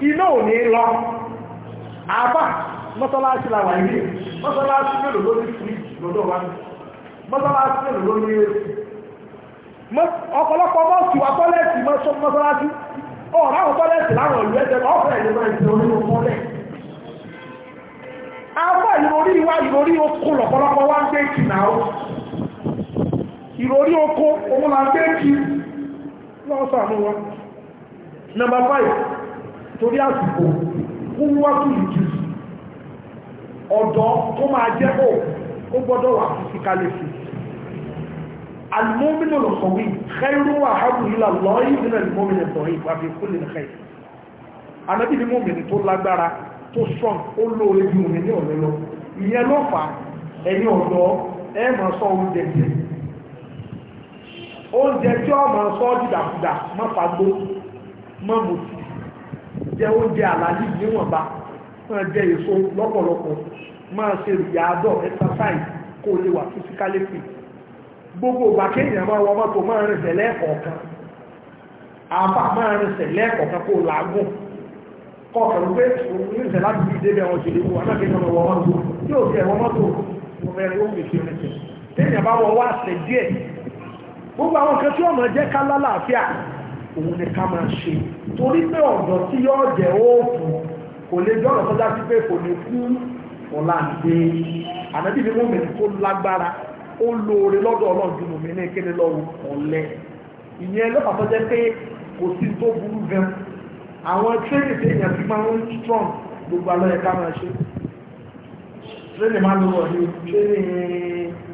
iná ò ní lọ àbá mọ́sálásí la wà ní mọ́sálásí mélòó ló ní fíríjì lọ́dọ̀ wa mọ́sálásí mélòó ló ní èsì ọ̀pọ̀lọpọ̀ mọ́sù wa tọ́lẹ̀tì mọ́sálásí ọ̀rọ̀ àwọn tọ́lẹ̀tì láwọn ìlú ẹ̀jẹ̀ ọ̀fẹ́ ìlú máa ń tẹ orí ọmọlẹ̀ àwọn ìròrí wa ìròrí oko lọ̀pọ̀lọpọ̀ wá ń gbé kì náà ìròrí oko òun là ń gbé kì lọ́sàn-án wa number five torí àsìkò fún wákù ìjù ọ̀dọ́ tó máa jẹ́ ò ó gbọ́dọ̀ wà physically fit alimominu lọ́sọ̀wí khairu wa habu ila lọ́yí nínú alimominu sọ̀rí ìpàdé kúlè nìkan yìí anábì ni mòmìnì tó lágbára tó strong ó lóore ju mòmìnì ọ̀rẹ́ lọ ìyẹn ló fà ẹ̀yìn ọ̀dọ́ ẹ máa sọ oúnjẹ jẹ oúnjẹ tí ọ máa sọ dìdàkudà má jẹ oúnjẹ àlàyé níwọ̀nba máa jẹ èso lọ́pọ̀lọpọ̀ máa ṣe ìyàádọ́ exercise kó lè wà physically fit gbogbo ìgbà kéèyàn máa wọ mọ́tò máa rìn sẹ̀ lẹ́ẹ̀kọ̀ọ̀kan àbá máa rìn sẹ̀ lẹ́ẹ̀kọ̀ọ̀kan kó làágùn kọ̀ọ̀kan pé rìn sẹ̀ láti bí ìdébẹ̀ wọn ṣe lè wọ aláàbí náà wọ mọ́tò yóò fi ẹ̀wọ́ mọ́tò rẹ̀ ó fi ṣe rìn sẹ̀ téèyàn bá wọ wá sẹ̀ díẹ̀ gbogbo àwọn kan tí wọ́n máa jẹ́ ká lálàáfíà òun ni ká máa ṣe torí pé ọ̀dọ̀ tí yóò jẹ́ òòfù kò lè jọ́rọ̀ tó dájú pé kò ní kú ọ̀la àdé ànábì ni wọ́n mẹ́rin tó lágbára ó lóore lọ́dọ̀ ọlọ́run ju mòmí ní kéde lọ́wọ́ ọ̀lẹ ìyẹn lọ́pàá tó jẹ́ pé kò sí tó burú gan àwọn tírénì tí èèyàn fi máa ń strong gbogbo alọ́ yẹ ká máa ṣe tírénì máa ń lọ ní tírénì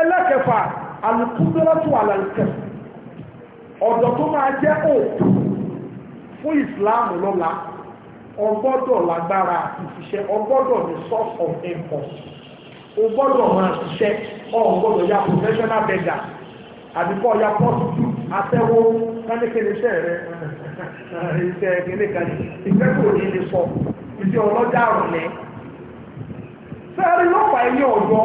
ẹlẹ́kẹfà alùpùpẹ́lẹ́tù àlàǹkẹ́ ọ̀dọ̀ tó máa jẹ́ òkú fún ìsìláàmù lọ́la ọgbọ́dọ̀ lágbára ìṣiṣẹ́ ọgbọ́dọ̀ ní source of income ọgbọ́dọ̀ máa ṣiṣẹ́ ọgbọ́dọ̀ ya professional beggar àdìpọ̀ ya prostitute atẹ́wó kánikẹ́ni iṣẹ́ rẹ iṣẹ́ kìíní kan ìfẹ́ kò ní lè sọ iṣẹ́ ọlọ́jà rẹ̀ sẹ́ẹ̀rì lọ́pàá ẹ̀yìn ọ̀dọ́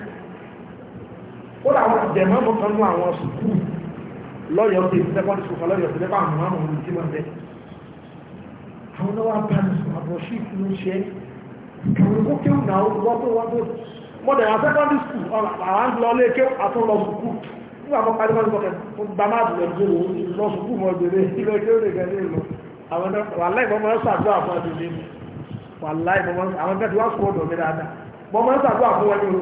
ó làwọn ìjẹ̀mọ́ mọ́ kan nú àwọn sùkúù lọ́yọ̀ọ́ pé secondary school kan lọ́yọ̀ọ́ pé lẹ́kọ̀ọ́ àwọn àwọn olùdí máa bẹ̀ àwọn náà wá bá mi sùn àbọ̀ sí ìfún ṣe àwọn olùkó kéwù náà wọ́n tó wọ́n tó mọ́dẹ̀ àwọn secondary school àwọn ń lọ lé kéwù àtúnlọ sùkúù nígbà mọ́ parí mọ́ sọ́kẹ̀ bá má dùn lẹ́jọ́ lọ sùkúù mọ́ ìbẹ̀rẹ̀ ilẹ̀ kéwù lè gẹ̀rẹ́ lọ àwọn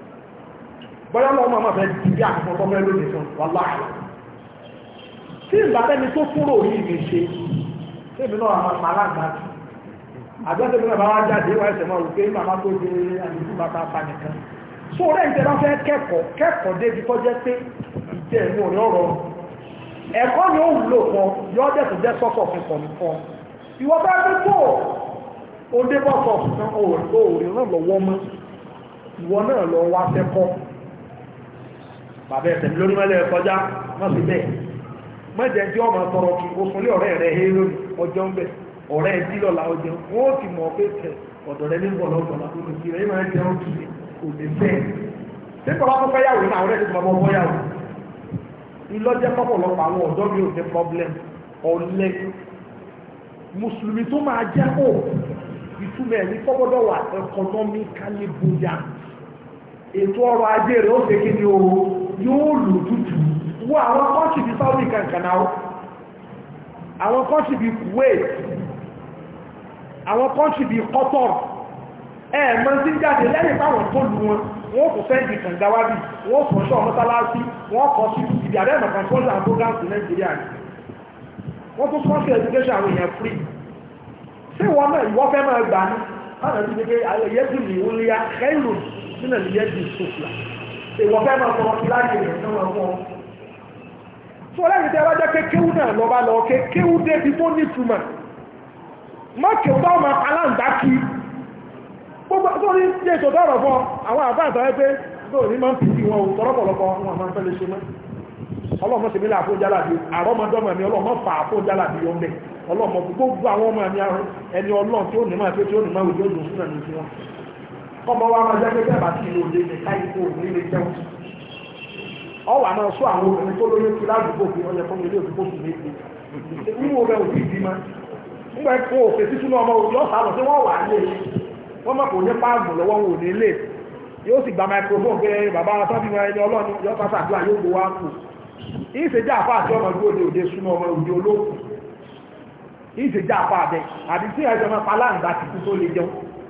bọ́yá lọ́wọ́ máa fẹ́ dìbí àkọ́kọ́ tó fẹ́ lóde fún wa láàyè tí ìbátẹ́ni tó kúrò yìí lè ṣe tèmi náà àwọn ọmọ alágbà tí àgbẹ́sẹ̀ mi náà bá wá jáde wáyé sẹ̀mọ́ rò pé màmá tó di àdìsí bàbá apá nìkan so rẹ̀ ń tẹ́lá fẹ́ kẹ́kọ̀ọ́ kẹ́kọ̀ọ́ débi tó jẹ́ pé ìjẹ́ ìmú rẹ̀ ọ̀rọ̀ ẹ̀kọ́ ni ó wúlò kan yọ ọ́dẹ̀ tó jẹ́ sọ́sọ̀ fún kọ̀ nìkan ìwọ bá gbé tó òde bọ́ sọ̀ fún òòrùn náà lọ́wọ́ mọ́ ìwọ náà lọ wá fẹ́kọ̀ọ́ bàbá ẹ̀sẹ̀ lórí mẹ́lẹ̀ kọjá má sí bẹ́ẹ̀ mẹ́jẹ̀ tí ọmọ sọ̀rọ̀ kí o sọlé ọ̀rẹ́ rẹ̀ hé lónìí ọjọ́ ń bẹ̀ ọ̀rẹ́ ẹ̀dí lọ́la ọjọ́ wọn ó ti mọ̀ pé tẹ̀ ọ̀dọ̀ rẹ̀ nígbọ̀ lọ́gbọ̀lá olùkí rẹ̀ máa ń jẹun kì í kò lè fẹ́ ṣé bàbá tó fẹ́ yàwó náà ọ̀rẹ́ ti bàbá ọmọ yàwó ìlọ́jẹ́ pọ̀pọ̀lọpọ̀ àwọn ọ̀dọ́ mi ò ní problem ọ̀lẹ mùsùlùmí tó máa jẹ́ kó ìtumọ̀ ẹ̀mí fọ́gbọ́dọ̀ wà economically bóyá ètò ọrọ̀ ajé rẹ̀ ó ṣe kí ni ooo yóò lò tútù wọ àwọn kọ́ọ̀ṣì bí Saudi kankan náà àwọn kọ́ọ̀ṣì bí Kuwait àwọn kọ́ọ̀ṣì bí Qatar ẹ̀ẹ̀mọ́ sí jáde lẹ́yìn táwọn tó lù wọn wọ́n kò sẹ́ǹdì kàngáwábì wọ́n kò ṣọ́ mọ́sálásí wọ́n kọ́ sí ibi àdẹ́mọ̀ kan fọ́nlá àbúgáǹsì Nàìjíríà wọ́n tó sponsor education àwọn èèyàn free ṣé wọ́n náà ìwọ́ fẹ́ máa gbà ní ọ̀nà tí kékeré ayẹyẹ tó lè wọlé ya kẹ́rù nínú ìyẹ́dì èèwọ̀ fẹ́ máa sọ̀rọ̀ sí láàyè rẹ̀ náà máa mọ́ ọ. sọ lẹ́yìn tí a bá jẹ́ pé kéwú náà lọ́ba lọ ké kéwú débi tó nítumọ̀ má kéwú bá ọmọ aláǹdá kí gbogbo sórí sí wọn àfún jálàbí àrọ́mọdọ́mọ mi ọlọ́mọ fà àfún jálàbí ọmọ ọlọ́mọ gbogbo àwọn ọmọ mi ẹni ọlọ́run tí ó ní máa tí ó ní máa wùdí ó dùn ọmọ wa máa jẹ́ pé bẹ́ẹ̀ ìlú òde lè ká ikú òun nílé jẹun ọwọ́ àmọ́ sọ àwọn obìnrin tó lóyún ti ládùúgbò fi ọyẹ fún ilé òdúgbò fi méje nínú òbí nígbà tó òfin títún ọmọ wọ́n wà wọ́n kò ní páàgùn lọ́wọ́ wọn ò gba microphone pé bàbá ẹni ọlọ́ni àdúrà yóò gbowó àpò àti ọmọ ìlú òde òde súnmọ́ ọmọ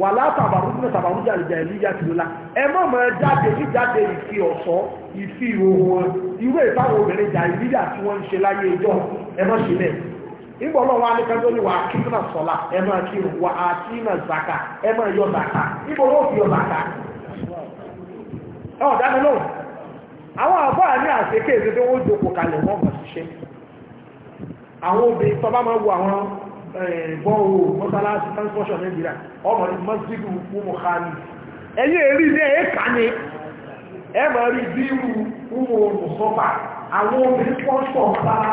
wà látàbàrú ní tàbàrú jàlìjà ìlú ìyá tìlú la ẹ mọ̀ mọ̀ ẹ jáde ní jáde ìfi ọ̀ṣọ́ ìfi ìhòòhò ìwé ìbáwọn obìnrin jà ìlú ìyá tí wọ́n ń ṣe láyé ẹjọ́ ẹ mọ̀ sí bẹ́ẹ̀ ìgbọ̀ náà wà ní kájọ́ ní wà á kí náà sọ̀la ẹ máa kí wà á kí náà zaka ẹ máa yọ zaka ìgbọ̀ náà fi yọ zaka. ọ̀ dáná náà àwọn àbọ̀ àní àṣekè èdè tó wọ́n jókòó kalẹ̀ wọ́n mọ̀ bọ́ọ̀wò mọ́sálásí transportation Nigeria ọmọ ní mọ́sílù umu khani ẹ̀yìn èrí ní ẹ̀ẹ́kà ni ẹ mọ̀ rí bí umu olùsọ́fà àwọn obìnrin pọ́ṣọ̀ sára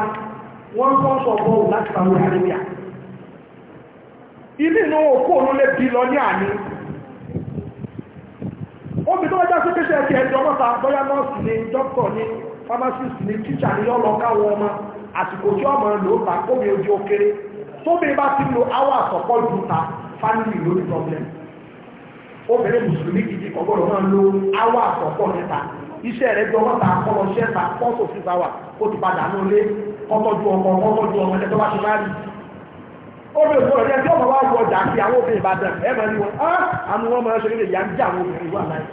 wọ́n pọ́ṣọ̀ bọ́ọ̀wò láti pàwọ́ Arabia ilé inú òkú òun lè bí lọ ní àní omi tó wájá sí pẹ́ṣẹ́ ẹ̀kẹ́ ẹ̀jọ́ mọ́ta bọ́yá nọ́ọ̀sì ni dókítà ni pharmacist ni tíṣà ni yọ́ lọ káwọn ọmọ àsìkò tí ọmọ lò ó bá kómi ojú ó kéré tóbi bá ti lo àwọn àsọ̀pọ̀ ju ta fámìlì lórí problem obìnrin mùsùlùmí gidi kọ̀gbọ́dọ̀ máa lo àwọn àsọ̀pọ̀ níta iṣẹ́ rẹ̀ jọ mọ́ta kọlọṣẹ́ ta pọ́sọ̀ sí sáwà ó ti padà ní olé kọ́tọ́jú ọmọ kọ́tọ́jú ọmọ ẹ̀tọ́ bá ṣe máa rí obìnrin kọ́ ẹ̀jẹ̀ tí ọmọ wá wọ ọjà sí àwọn obìnrin Ìbàdàn ẹ̀ máa ní wọn á ah! àmú wọn máa ṣe nílé ìyá ń jẹ àwọn obìnrin ìlú àlàyé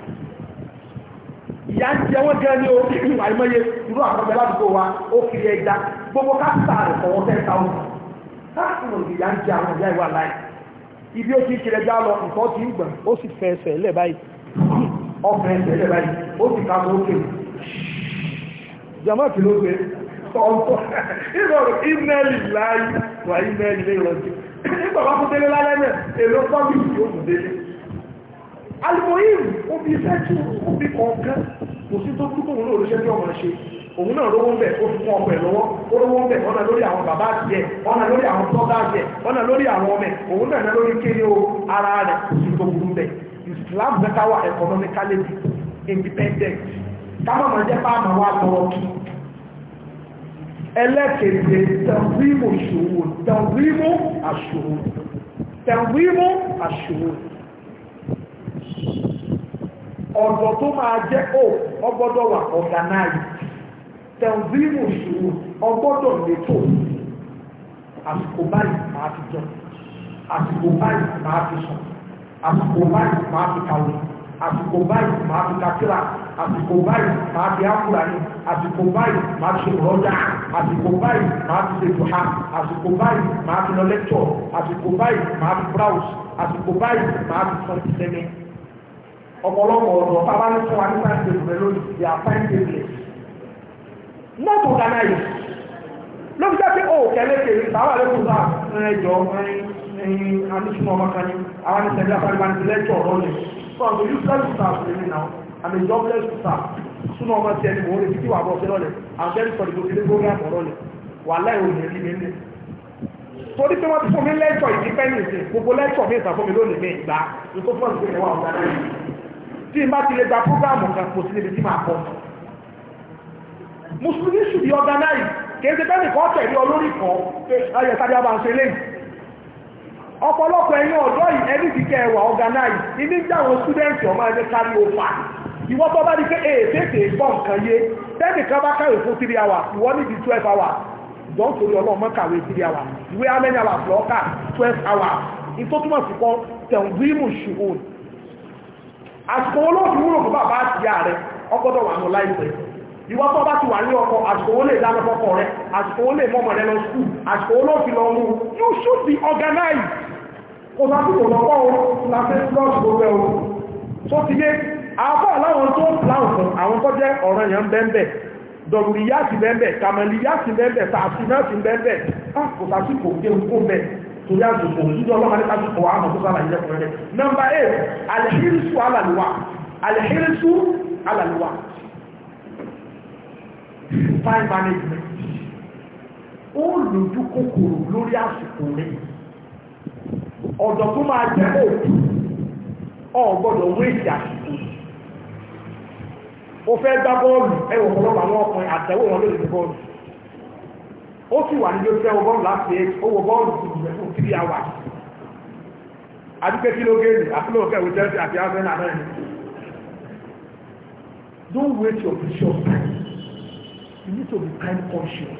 ìyá ń jẹ wọn gẹ́gẹ́ ní orí àìmọye irú àkọ́jọ ládùúgbò wa ó kiri ẹja gbogbo káṣíta rẹ̀ fọwọ́ tẹ́ táàkùn ìyá ń jẹ àwọn ìyá ìwà láì ibi ó ti ṣe lẹ́já lọ nǹkan ti ń gbọ̀n ó sì fẹ́ ẹsẹ̀ lẹ̀ báyìí ọkàn ẹsẹ̀ lẹ̀ báyìí ó sì ká tó kéwì jama kì ló gbé ọ̀pọ̀ ìrọ̀rùn ìmẹ́lì láì wà ìmẹ́lì lè rọ̀jù nígbà bá fún délé lálẹ́ náà èrò pọ́bí yóò fún délé alimoyim obi iṣẹ́ tí obi kọ̀ọ̀kan kò sí tó dúkòwò lóòrùn iṣẹ́ tí ọmọ ṣe òun náà lówó ń bẹ̀ ó fún ọkọ̀ ẹ̀ lọ́wọ́ ó lówó ń bẹ̀ ọ̀nà lórí àwọn bàbá àtìyẹ ọ̀nà lórí àwọn tọ́gbà àtìyẹ ọ̀nà lórí àwọn ọmọ ẹ̀ òun náà ná lórí kéde o ara rẹ̀ sí tó burú bẹ̀ Islam better wa economically independent káwọn máa jẹ́ bá àmà wa tọrọ kí ẹlẹ́kẹ̀dẹ̀ tẹ̀wímù ṣòwò tẹ̀wímù àṣòwò tẹ̀wímù àṣòwò ọ̀dọ̀ tó máa jẹ́ ó ọgbọ́dọ̀ wà organized tẹ̀wùbílímù ìṣòro ọgbọ́dọ̀ lẹ́tọ̀ àsìkò báyìí máa fi jọ àsìkò báyìí máa fi sùn àsìkò báyìí máa fi kàwé àsìkò báyìí máa fi kàtírà àsìkò báyìí máa fi ákùránì àsìkò báyìí máa fi rọ́jà àsìkò báyìí máa fi ṣètò ha àsìkò báyìí máa fi lọ lẹ́tọ̀ àsìkò báyìí máa fi browse àsìkò báyìí máa fi sọ ìsẹ́mi ọ̀pọ̀lọpọ̀ ọ̀dọ̀ bàbá ní fún wa nípa ìṣèlú rẹ lórí ìyá fáìntì not organized ló fi jẹ́ pé ó oh, kẹ́lẹ́ kèrè sáwà lẹ́kùn náà ẹjọ́ ẹyin anísùnmọ́ ọmọkaní àwọn ìṣẹ̀lẹ̀ afẹ́lẹ́bàní lẹ́jọ́ ọ̀rọ̀ lẹ̀ so àwọn useless staff lè ní now and a jobless staff súnmọ́ ọmọ tí ẹni mò ń retí kí wà bọ́ sí lọ́lẹ̀ and very sorry to the program ọ̀rọ̀ lẹ̀ wà láì òun èrí mi nílẹ̀ torí pé wọ́n ti fún mi lẹ́jọ́ ìdípẹ́ndìsì gbogbo lẹ́jọ́ mi ìsàfún mi lónìí mi ìgbà nítorí fún ọ̀sìn ìwà ọ̀gá tí n bá ti lè gba program kan kò sí níbi tí màá kọ́ mùsùlùmí should be organized kìí ṣe bẹ́ẹ̀ nìkan tẹ̀lé olórí kan ayẹ̀ tàbí àbá lẹ́yìn ọ̀pọ̀lọpọ̀ ẹ̀yin ọ̀dọ́ yìí ẹni kẹ́ organized ilé students ọmọ ẹni kárí òfà ìwọ tó bá di pé èè tètè gbọ́ nǹkan yé tẹ́nìkan bá kàwé fún three hours ìwọ níbi twelve hours hours hours ìwọ tó bá ti wà ní ọkọ àsìkòwò lè dáná fọkọ rẹ àsìkòwò lè mọmọ rẹ lọ sùkúù àsìkòwò ló fi lọ mú you should be organized kò sásìkò lọ́pọ̀ o láti lọ́ọ̀sì gbogbo ẹ̀ o tó ti yé àbọ̀ láwọn tó ń plan fún àwọn tó jẹ́ ọ̀ràn yẹn bẹ́ẹ̀ dọ̀rùrì yá sí bẹ́ẹ̀ kàmẹ́lì yá sí bẹ́ẹ̀ tààsì náà sí bẹ́ẹ̀ ah, kò sásìkò gé ogó bẹ́ẹ̀ torí àsìkò ìjọ ọlọ́mọ ní sásìkò àmọ̀ tó sára ìjẹ́kùnrin rẹ̀ number eight alẹ́hírísù alàlùwà alẹ́hírísù alàlùwà time management ó lójú kòkòrò lórí àsìkò rẹ ọ̀dọ̀ tó máa jẹ́ òkú ọ̀ gbọ́dọ̀ wéèdì àsìkò ó fẹ́ gbá bọ́ọ̀lù ẹ̀wọ̀ ọ̀pọ̀lọpọ̀ àwọn ọkùnrin àtẹ̀wò wọn lórí bọ́ọ̀lù ó sì wà níbi ó fẹ́ wọ bọ́ọ̀lù láti ó wọ bọ́ọ̀lù tó àdúgbò kí ló jẹ́ àti àwọn ẹ̀rọ náà don't waste your precious you need to be time conscious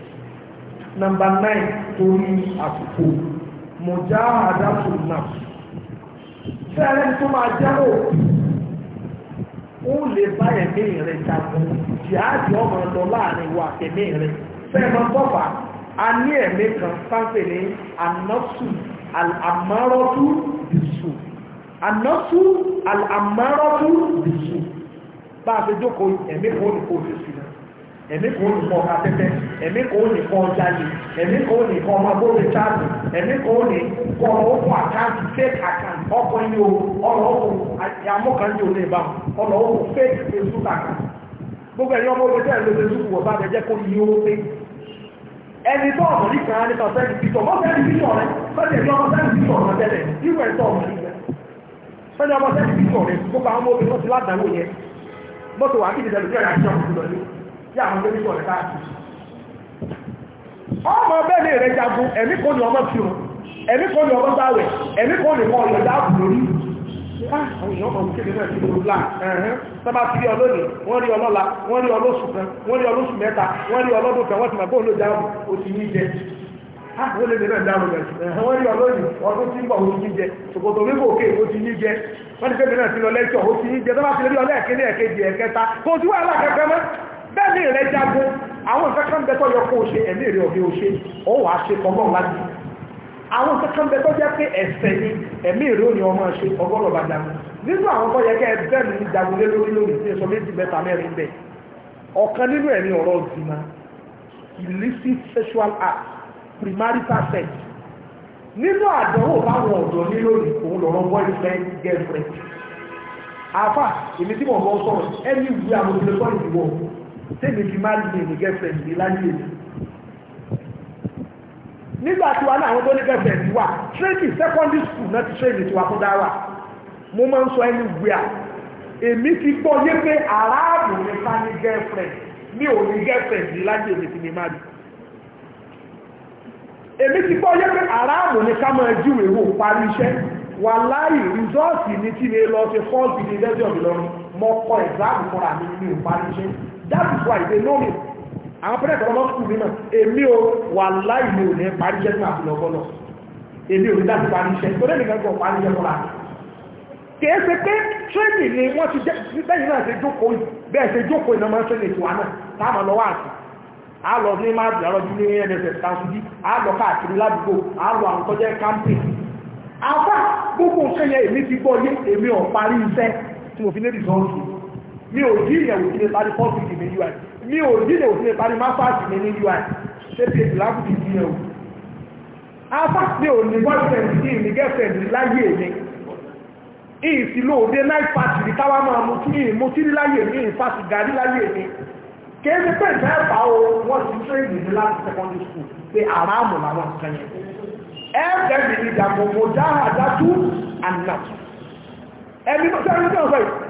number nine torí àsìkò mọ̀já àdásù náà fẹ́rẹ́ tó máa jẹ́rò ó lè bá ẹ̀mí rẹ̀ jagun jìájì ọmọ lọ láàrin wa ẹ̀mí rẹ̀ fẹ́ẹ̀mọ́ tọ́fà a ní ẹ̀mí kan sáfẹ́ ní anọ́sù àmọ́rọ́tú bìsù anọ́sù àmọ́rọ́tú bìsù bá a ṣe jókòó ẹ̀mí kan ó ní kó o ṣe sílẹ̀ ẹ̀mí ka ó nìkan katẹ́tẹ́ ẹ̀mí kò ó nìkan jáde ẹ̀mí kò ó nìkan ọmọ gbóòrè táàbù ẹ̀mí kò ó nìkan ọkọ̀ àkáǹtì fake ọkọ̀ o ọ̀rọ̀ ọkọ̀ amọ́kànjì ò lè bá ọ̀rọ̀ ọkọ̀ fake facebook àkáǹtì gbogbo ẹ̀yọ́ ọmọ ogun tẹ́lẹ̀ lóṣèlú wọ̀ bá bẹ̀jẹ́ kó yí owó pé ẹni tó nípa nípa sẹ́ẹ̀dì pítọ̀ ọmọ sẹ́ẹ̀dì pítọ̀ rẹ̀ tí àwọn bébí sọ̀rọ̀ káàkiri. ọmọ bẹ́ẹ̀ ni rẹ̀ jagun ẹ̀mí kò ní ọmọ kírun ẹ̀mí kò ní ọmọ báwẹ̀ ẹ̀mí kò ní ọmọ ìyọ̀dá lórí ah, àwọn èèyàn ọmọ kéde náà ti lò lá ẹ̀hẹ́n sábà ti rí ọlọ́dẹ wọ́n rí ọlọ́la wọ́n rí ọlọ́sù kan wọ́n rí ọlọ́sù mẹ́ta wọ́n rí ọlọ́dún kan wọ́n ti màgbọ́n ló dáàbò ó ti ní jẹ àwọn ah, olè náà dáàbò rẹ̀ ẹ̀hẹ́n wọ́n rí ọlọ́dẹ ọdún tí ń bọ̀ ó ti ní jẹ ṣòkòtò wíwò òkè ó ti wọ́n ti fẹ́ bẹ́ẹ̀ rẹ̀ jagun àwọn ìfẹ́kàn bẹ́tọ̀ yọ kó o ṣe ẹ̀mí rẹ̀ ọ̀gbẹ́ o ṣe ọ wàá ṣe tọ́gbọ́n láti àwọn ìfẹ́kàn bẹ́tọ̀ jẹ́ pé ẹ̀sẹ̀ ni ẹ̀mí rẹ̀ ò ní ọmọ ṣe ọgọ́rọ̀ bá jagun nínú àwọn tó yẹ kẹ́ ẹ bẹ́ẹ̀ ní jagun lé lórí lórí tí sọ méjì mẹ́ta mẹ́rin bẹ́ẹ̀ ọ̀kan nínú ẹ̀ ní ọ̀rọ̀ zina illicit sexual act primary sex nínú àdánwò báwọn ọ̀dọ́ ní lónìí òun lọ́rọ̀ boyfriend girlfriend àfà èmi tí mo bọ́ sọ̀rọ̀ ẹni ìwé àwọn ìfẹ́sọ̀rọ̀ ìwọ̀ tèmi fi má lè ní girlfriend ní láyé èyí nígbà tí wà náà àwọn tó ní girlfriend wà training secondary school náà ti training tiwa fún dáwà mo máa ń sọ ẹni wíà èmi ti gbọ́ yé pé aráàbù ní ká ní girlfriend mi ò ní girlfriend ní láyé èyí ti ní má lè èmi ti gbọ́ yé pé aráàbù ní ká máa jíwèé wò parí iṣẹ́ wà láì rìsọ́ọ̀sì ní tí mi lọ ṣe fọ́ọ̀sì ní lẹ́jọ́ mi lọ́rùn mo kọ ẹ̀gbáàmù fúnra mi ní ìparí that is why they know me àwọn pẹ́lẹ̀tọ̀ ọmọ skul mi náà èmi ò wà láì mi ò ní parí iṣẹ́ fún àfihàn ọgbọ́n náà èmi ò ní láti parí iṣẹ́ tó lẹ́nu kan kan parí iṣẹ́ fúnra kìí ṣe pé tírénì ni wọ́n ti jẹ́ bẹ́yìn náà ṣe jókòó bẹ́ẹ̀ ṣe jókòó ìnáwó tírénì tiwa náà táàmù lọ́wọ́ àti a lọ ní máa bẹ̀rẹ̀ ọdún ní nss kanṣu bí a lọ káàkiri a lọ àwọn tọ́jẹ́ kámpì afá gbogbo nǹkan yẹn èmi ti gbọ́ yé èmi ò parí iṣẹ́ tí mo fi mi ò jí ìyẹ̀wò sí lè parí pọ́ọ̀tù mi ní ui mi ò jí ìyẹ̀wò sí lè parí masters mi ní ui ṣé pé ìlàkùn ti di ẹ̀wò afa mi ò ní boyfriend sí ní girlfriend láyé mi ìsì lóòdé night party ní táwa máa mú kí ìmú sí láyé mi ìfàsì gàrí láyé mi kéèké pé ìfẹ́fà o wọ́n ti tún èyí ní láti secondary school pé àràmù làwọn nǹkan yẹn ẹ̀ẹ́dẹ̀ẹ́dì ìdàgbò mọ̀jáhàdá tún àná ẹni tó sẹ́yìn tó sọ yìí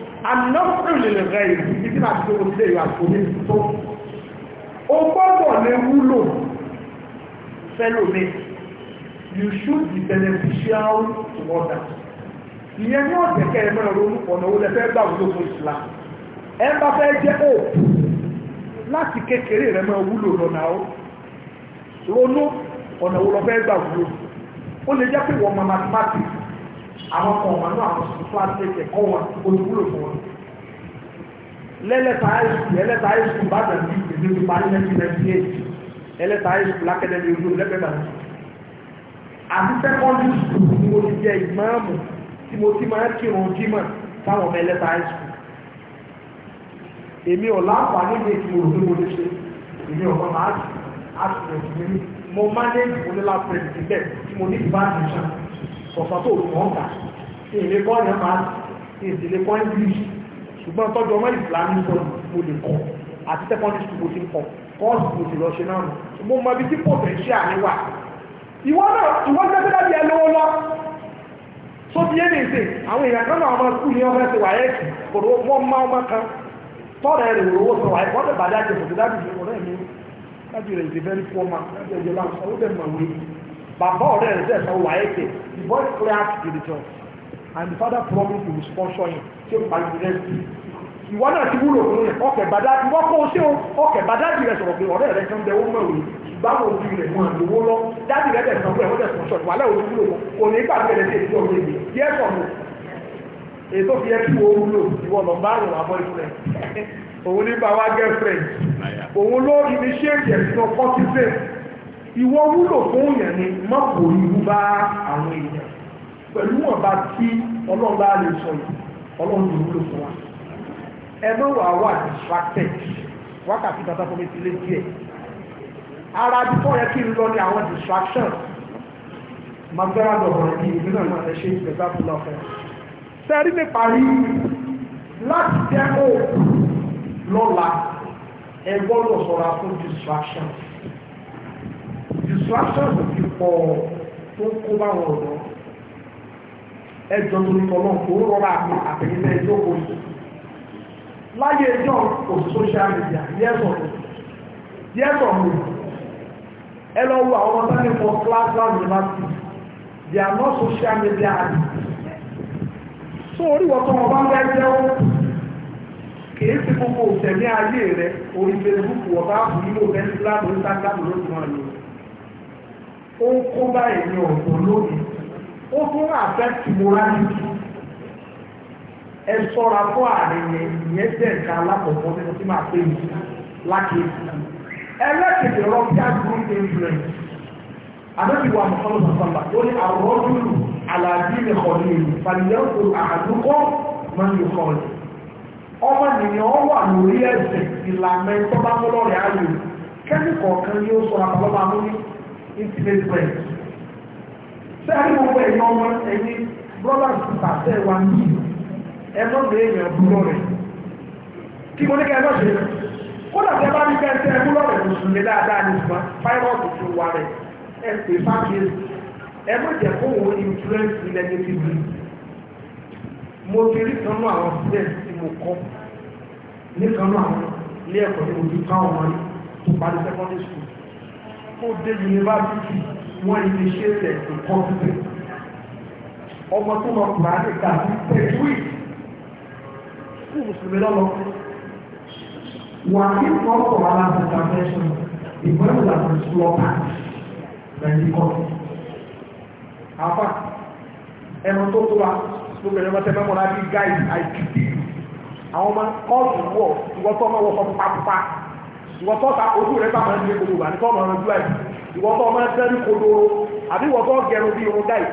anọ́pù lè rẹ̀ ìlú títí láti tó ṣe ìràpò ní tó ó gbọ́dọ̀ lè wúlò fẹ́lòmí you should be beneficial to others ìyẹn ní ọ̀jẹ̀ kẹ́ ẹ̀mọ́ ẹ̀rọ ọ̀nà owó lẹ́fẹ́ gbà wúlò fún ìsìlá ẹ bá fẹ́ jẹ́ òkú láti kékeré rẹ̀ mọ́ wúlò lọ́nà ó ronú ọ̀nà owó lọ́fẹ́ gbà wúlò ó lè jẹ́ pé wọ́n mọ mathematics àwọn kan wọn náà àwọn sùkúrú àti ẹ̀kẹ́ kọ́ wọn olùkúlò fún wọn. lẹ́lẹ́ta àìsùn ẹlẹ́ta àìsùn bá dàn bí ìdílé ti parí nineteen ninety eight ẹlẹ́ta àìsùn lákẹ́dẹ́bí ojú lẹ́gbẹ̀ẹ́ bàtà. àti sẹ́kọ́ndì sùkúrú ni mo ti jẹ ìmáàmù tí mo ti máa kírun jímọ̀ táwọn ọmọ ẹlẹ́ta àìsùn. èmi ò láǹfààní ní ìtumọ̀ òdòdó mo lè ṣe èmi ò mọ̀ máa ṣe àṣìlẹ̀ ìdílé mo máa ní ìdílé láti sọ̀fà tó wọ́n kà ilé kọ́ ní ma ìdílé kọ́ english ṣùgbọ́n tọ́jú ọmọ ìsìlámì sọ mo lè kọ́ àti secondary school mo ti kọ́ kọ́ọ̀sì mo ti lọ ṣe náà nù mo mọ ibi tí potential ni wà ìwọ náà ìwọ jẹ́ pẹ́lá bí ẹlọ́wọ́ lọ tó bí ẹni ìsìn àwọn èèyàn kan náà ọmọ skul ní ọfẹ́ ti wà ẹ́ kì kòrò wọ́n má ọmọ kan tọ́rọ ẹ̀rẹ̀ òwò sọ a very poor man dábì bàbá ọ̀rẹ́ rẹ̀ sẹ́ẹ̀ sọ wà ẹ̀kẹ́ the boy cleared the religion and the father promised to sponsor him ṣé o parí university ìwọ náà ti wúlò fún yẹn ọkẹ̀ bàdá ìwọ kó o ṣe o ọkẹ̀ bàdá jù rẹ̀ sọ̀rọ̀ pé ọ̀rẹ́ rẹ̀ kan bẹ owó mẹ́wòó ìgbàgbọ́ ojú rẹ̀ mọ́ àlówó lọ dájú rẹ̀ bẹ̀ sàn fún ẹ̀wọ́n tẹ̀sán ṣọ̀tù wàlẹ́ òun wúlò kò ní gbàgbé rẹ̀ sí èdè ọ̀rẹ́ mi yẹ sọ̀ mọ́ ètò fi yẹ kí o wúlò ìwọ lọ bá rò àbọ̀ ìfúnẹ̀ òun ní bá wá girlfriend òun ló initiate ẹ̀ sínú 40 days ìwọ wúlò fún èèyàn ni má kò irú bá àwọn èèyàn pẹ̀lú wọn bá tí ọlọ́run bá lè sọ yìí ọlọ́run ló wúlò fún wa ẹ má wà wà distracted wákàtí tata fún mi ti lé díẹ̀ ara bí fún ọ̀yẹ́ kí n lọ ní àwọn distraction magbára lọ̀rọ̀ ní ìlú náà máa ṣe ìgbẹ́ta fún lọ́fẹ́ sẹ́rí ní parí láti jẹ́ òkú lọ́la ẹ gbọ́dọ̀ sọ̀rọ̀ fún distractions distractions ti pọ̀ tó kó bá wọn lọ ẹjọ́ torí kọlọ́ kó rọra àmì àtẹ̀yìnlẹ̀ ẹjọ́ kò sí láyé ẹjọ́ kò sí social media yẹ́sọ̀ yẹ́sọ̀ mi ẹ lọ wo àwọn ọmọdé ní for class one university they are not social media addicts so orí wọ́tọ́ wọn bá ń bẹ́ẹ̀ jẹ́ ó kìí ti gbogbo òtẹ̀mí ayé rẹ̀ orí Facebook wọ́tá àbúrò bẹ́ẹ̀ ní láàbù Instagram ló ti wọn lò ó ń kó báyìí ní ọ̀dọ́ lónìí ó tún ẹ sọ́ra fún àríyẹ ìyẹn jẹ́ alákọ̀ọ́kọ́ nínú tí máa pè mí lákèéjì ẹlẹ́kẹ̀dẹ̀ rọ́bíà group influence àdébìwà mọ̀kànlá sàfàlà ó ní àwọn ọdún ní ọ̀dọ́ èyí àdúgbò máa ń yọ ọmọ ènìyàn ọ wà lórí ẹsẹ̀ ìlànà ìtọ́bámọ́lọ́rẹ̀ ayò intimate friends. ṣé àyè gbogbo ẹ̀yin ọmọ ẹ̀yin brothers and sisters wa ní ẹ̀rọ bèè yẹn búrọ̀ rẹ̀ kí mo ní ká ẹ̀rọ ṣe kódà tẹ bá ní bẹ́ẹ̀ tẹ ẹ̀kú lọ́rẹ̀ mùsùlùmí dáadáa ní ìgbà fáírọ́ọ̀sì tó wà rẹ̀ ẹ̀ pè fákìlì ẹ má jẹ́ kó wọn influence negatively mo ti rí kanú àwọn students tí mo kọ́ ní kanú àwọn ilé ẹ̀kọ́ tí mo ti ká ọmọ yìí tó parí secondary school tó dé yunifásitì wọ́n ti ṣe ẹ̀sìn kọ́ńtì ọmọ tó lọ kùránì kà sí pẹ̀lúì fún mùsùlùmí lọ́lọ́ wà ní ìfọwọ́sọ̀ wà láti intervention ìgbẹ́rù làwọn ìṣúlọ́ pàtì pẹ̀lú kọ́ńtì. àfà ẹnu tó tó wa gbogbo ẹ̀rọ mọ́tẹ́ mọ́ra bíi gáì àìkìtì àwọn ọmọ kọ́ọ̀tù wọ̀ ìwọ́sọ́ ọmọ wọ̀ fọ́ pápá ìwọ́tọ́ ta ojú rẹ̀ bàbá ní gbogbo wà ní kọ́ ọmọ ọjọ́ ẹ̀ ìwọ́tọ́ ọmọ ẹgbẹ́ ní kodoro àbí ìwọ́tọ́ gẹrun bí irun dáì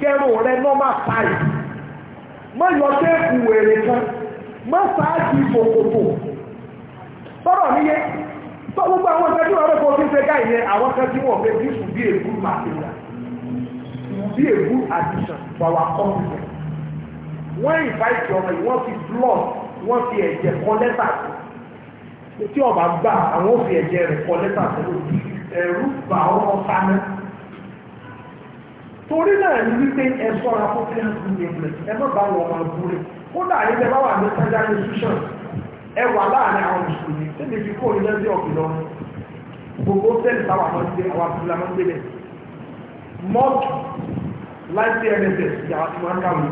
gẹrun rẹ̀ nọ́mà táì mọ́ yọ téèkù wèrè kan mọ́ sáájì ìfòkòkò sọ́rọ̀ níye tó gbogbo àwọn ẹgbẹ́ tí wọ́n rẹ̀ kó fi ṣe gáì yẹn àwọn kan tí wọ́n fẹ́ bí sùn bí èbú màtíra bí èbú àdìsàn wàwà kọ́ńtì wọ́n ìfáìsì ọmọ yìí wọ́n fi blood wọ́n fi ẹ̀jẹ̀ kan lẹ́tà sí tí ọba gbà àwọn òfì ẹ̀jẹ̀ rẹ̀ kọ lẹ́tà tó lò ẹ̀rú bà ọmọ sáná torí náà ní wípé ẹ sọ́ra fún tí wọ́n ti lè ẹ má bá wọn ọmọ ìbúrẹ́ kódà yìí tẹ bá wà ní sájà institution ẹ wà láàrin àwọn mùsùlùmí tí mi fi kó ní lẹ́sẹ̀ ọ̀gbìn lọ gbogbo tẹ́lì táwọn àwọn ti àwọn àti ìlànà gbélé mọ́ọ̀kì láìsí ẹ̀rẹ́sẹ̀ ìyàwó tí wọ́n ń kàwé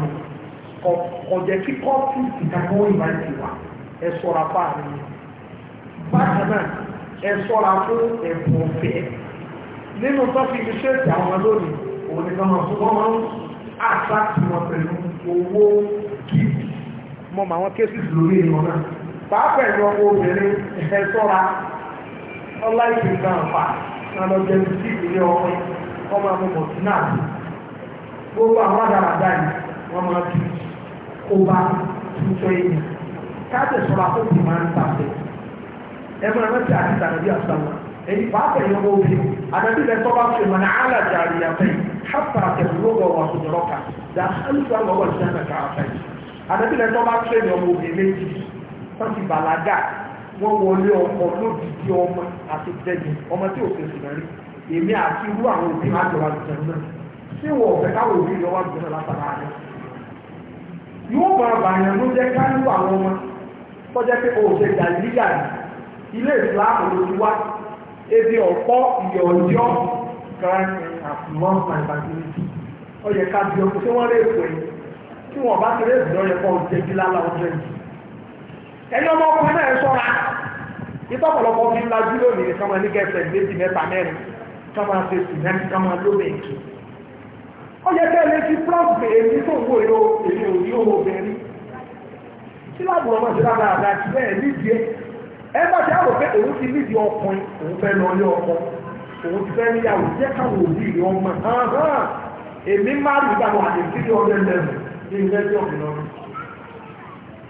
kọjẹ́ kíkọ́ fún ìdàgbọ́ ìbáyìí wa ẹ sọ́ra fáàrin yìí bákan náà ẹ sọ́ra fún ẹ̀bùn ọ̀fẹ́ nínú tọ́fì iṣẹ́ ti àwọn lónìí òun nìkan máa fún wọn máa ń àtàkì wọn pẹ̀lú owó gíìtì mọ́ màwọn kéésì lórí ìwọ̀n náà pàápàá ẹ̀yọ́ obìnrin ẹ sọ́ra ọlá ìgbìgbà àpá náà lọ jẹ́ sí ìpínlẹ̀ ọmọ ọmọ àmọ́mọ́ náà gbogbo àwọn àdàràdà yìí wọ́n máa ti kó bá tuntun èèyàn káàtì sọ́ra fún ìmọ̀ àǹtàfẹ́ ẹ máa rántí àti tàbí àtàwọn ẹni pàápàá ẹ̀yọ́ wọ́n bí àdàbí ilẹ̀ tọ́ba fi mọ̀ náà alájà àríyàfẹ́ hàpà àtẹ̀lógọ̀ wà sọ̀rọ̀ kà dà alùpùpù àwọn ọ̀gbọ̀n ìṣẹ́ mẹ́ta àfẹ́ àdàbí ilẹ̀ tọ́ba fi ẹ̀yọ́ wọ́n bí méjì wọ́n ti bàlágà wọ́n wọlé ọkọ̀ lódìdí ọmọ àti jẹ́jì ọmọ tí òfin sì rí èmi àti irú àwọn òbí máa jọ àlùjẹ náà ṣé ilé ìsìláàmù ló ti wá ebi ọ̀pọ̀ ìyọ̀ọ̀yọ́ crime àfùmọ́ àìbàdìrìtì ó yẹ ká bí ọkùnrin tí wọ́n lè pè é tí wọ́n bá ti lè dùn ọ́ yẹ kó jẹ́bi lálá ọjọ́ yìí. ẹni ọmọ ọkùnrin náà sọ́ra ìtọ́pọ̀lọpọ̀ fi ń lajú lónìí ní sọ́mọ nígẹ̀ẹ́sẹ̀ méjì mẹ́ta mẹ́rin sọ́mọ ṣe sì náà sọ́mọ lómi ètò. ó yẹ kẹ́ ẹ lè fi plọ́ọ̀gù pé èmi tó ń wò yó èmi ò ní òwò bẹ́ẹ̀ rí. síláàbù ọmọ ti rárá àdá ẹgbà tí a rò pé òun ti nídìí ọkùnrin òun fẹ́ lọ ilé ọkọ òun ti fẹ́ níyàwó jẹ́ káwọn òbí rẹ̀ ọmọ èmi máa rí ìgbà wà ní kíkí ọdẹ lẹ́nu ní ilé ẹjọ́ mi lọ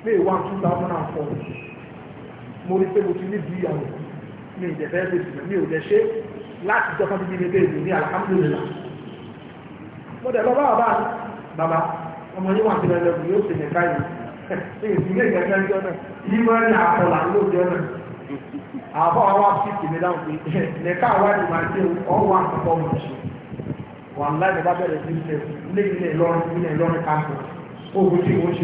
pé wá two thousand and four mo rí pé mo ti nídìí ìyàwó mi ìjẹ̀fẹ́ lè sùn mi ò lè ṣe láti jọ́ fún mi ní ilé ìlú ní alhamdulillah mo dẹ̀ lọ bá bàbá bàbá ọmọ yín wà sí ẹlẹ́gùn yóò sì ní káyìí ìdílé ìgbẹ́jọ́ ìjọ náà ìmọ̀ ní àpọ̀lá lóòjọ́ náà àbọ̀ àwọn afíìkì mi dáhùn pé nìka àwádìí máa ṣe ọwọ́ àkọ́kọ́ mọ̀ ṣe wà ń láti bá bẹ̀rẹ̀ sí ṣe ilé ilé ìlọrin ilé ìlọrin káàkiri oògùn tí wọ́n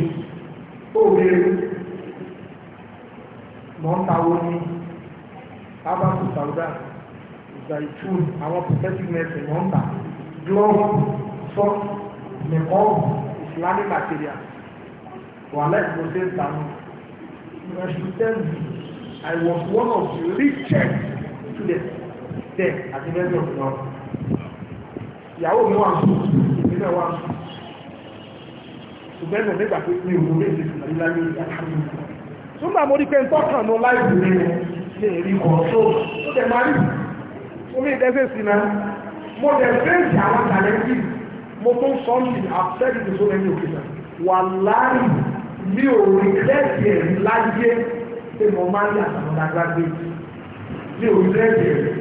islamic materials wàhálà ìgbọ̀nsẹ̀ ń tàmù ìrẹsìtẹ́ǹdì I was one of the richest students there at the end of the world ìyàwó mi wà sùn ìpínlẹ̀ wà sùn ṣùgbọ́n ẹ̀mí gbà pé mi ò lè ṣe ìgbàlú láyé àkàndínlẹ̀ nígbà mo rí pé tọ́kàn ní láìpù rẹ̀ lè rí kọ̀ọ̀tọ́ ó dẹ̀ máa rí omi ìdẹ́sẹ̀ sí náà mo dẹ̀ fẹ́ẹ̀sì àwọn tàlẹ́ntì mo tún sọ́ọ̀lì àfẹ́ẹ̀dì tó sọ́ọ̀lì òkè náà wà láàrin mi ò rí lẹ́sì ẹ̀rí láyé pé mo máa ń yàtọ̀ ọ̀dà gbàgbé mi ò rí lẹ́sì ẹ̀rí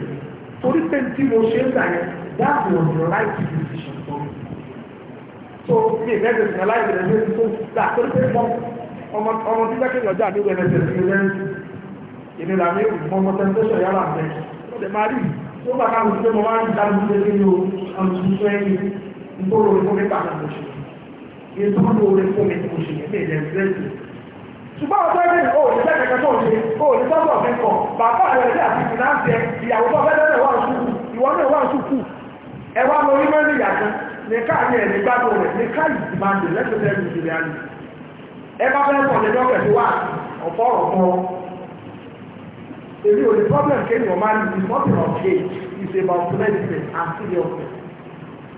torí pé tí mo ṣe ń sàyẹn that was the right decision for me so mi ì lẹ́sì ẹ̀rí láyé rẹ̀ lórí tó dà torí pé mo ọmọ ọmọ tí bẹ́ẹ̀ kéde ọjà mi wẹ̀ lẹ́sẹ̀ sí lẹ́yìn ìnira mi mọ ọmọ tẹ́ńtẹ́sọ̀ yàrá mi ó lè máa rí tó bá ká mo ti pé mo máa ń dá mi lé nínú àwọn ìṣiṣẹ́ yìí nítorí òun ní kàkà mo ṣe ètò olóore fún mi kò ṣe ní ilẹ̀ ìrẹ́sì ṣùgbọ́n ọ̀tọ́ ilé ìwọ̀ òṣìṣẹ́ kẹ̀kẹ́ tó ṣe kó ní sọ́tọ̀ ọ̀fẹ́ kọ̀ bàbá rẹ̀ ní àti fìnáǹsì ìyàwó tó fẹ́ lẹ́nà wà ṣùkú ìwọ náà wà ṣùkú ẹwà lórí mẹ́rin ìyàtọ̀ ní káàní ẹ̀ ní gbádùn rẹ̀ ní káàyè ìdìbàdì lẹ́sẹ̀lẹ́ ìdìbì àná ẹ bá fẹ́ pọ̀ ní lọ́kẹ̀ tó wà ọ̀pọ̀ ọ̀pọ̀ èmi ò ní problem kéèyàn máa ń di nothing of age is about medicine and seriousness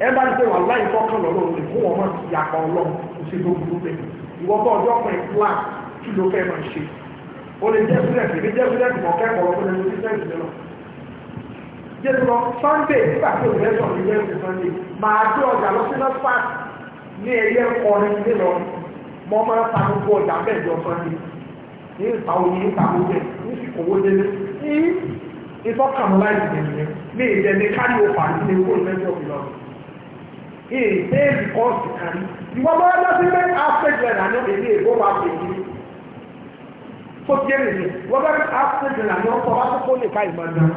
ẹ bá ń tẹ̀wọ̀ aláì fọ́kàn lọ́rọ̀ òun fún ọmọ ìyàpá ọlọ́run kò sí tó burú bẹ́ẹ̀ ìwọ bọ́ ọjọ́ pẹ̀ plan kí ló fẹ́ máa ṣe o lè jẹ́ student èmi jẹ́ student mọ̀ kẹ́kọ̀ọ́ lọ́kọ́ lẹ́nu business mi lọ. jésù lọ sunday nígbà tí òun lẹ́sọ̀ ní lẹ́sọ̀ sunday máa dé ọjà lọ sí nọ́fà ní ẹyẹ kọrin nílọ mọ máa ta gbogbo ọjà bẹ́ẹ̀ jọ sunday ní ìta oyin ìta gbogbo ẹ̀ ní ìkòwò délé ní ìtọ́kànlá ìdìbò yẹn ní ìdẹ́ni èdè rìkọ́ọ̀sì kan ní ìwọ́n bá wọ́n lọ́sí pé áfẹ́jọ̀rẹ̀ àná èmi èbó wa pè ní tó jẹ́ nìyí wọ́n bá áfẹ́jọ̀rẹ̀ àná ọkọ̀ wá kókó lè ká ìmọ̀ náà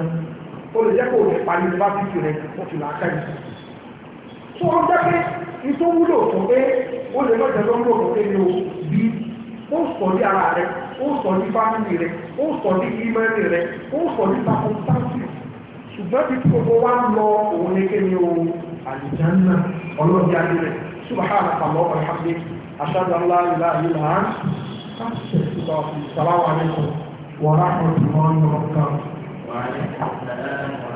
ó lè jẹ́ kó o lè pa yunifásitì rẹ̀ wọ́n ti làákà yìí. tó o jẹ́ pé ìtò wúlò tó pé ó lè lọ́jọ́ tó ń lò tó pé ní o bí ó sọ ní ara rẹ̀ ó sọ ní fámìlì rẹ̀ ó sọ ní ìmọ̀ẹ́lì rẹ̀ ó sọ ní sàkóńtàǹtì ṣùgbọ́n ti tí gbogbo wa ń lọ òun ní kéde o àlùjánná ọlọ́dẹ adúlẹ̀ subhanaka Allahumma wa bihamdika ashhadu an la ilaha illa anta astaghfiruka wa atubu ilayk wa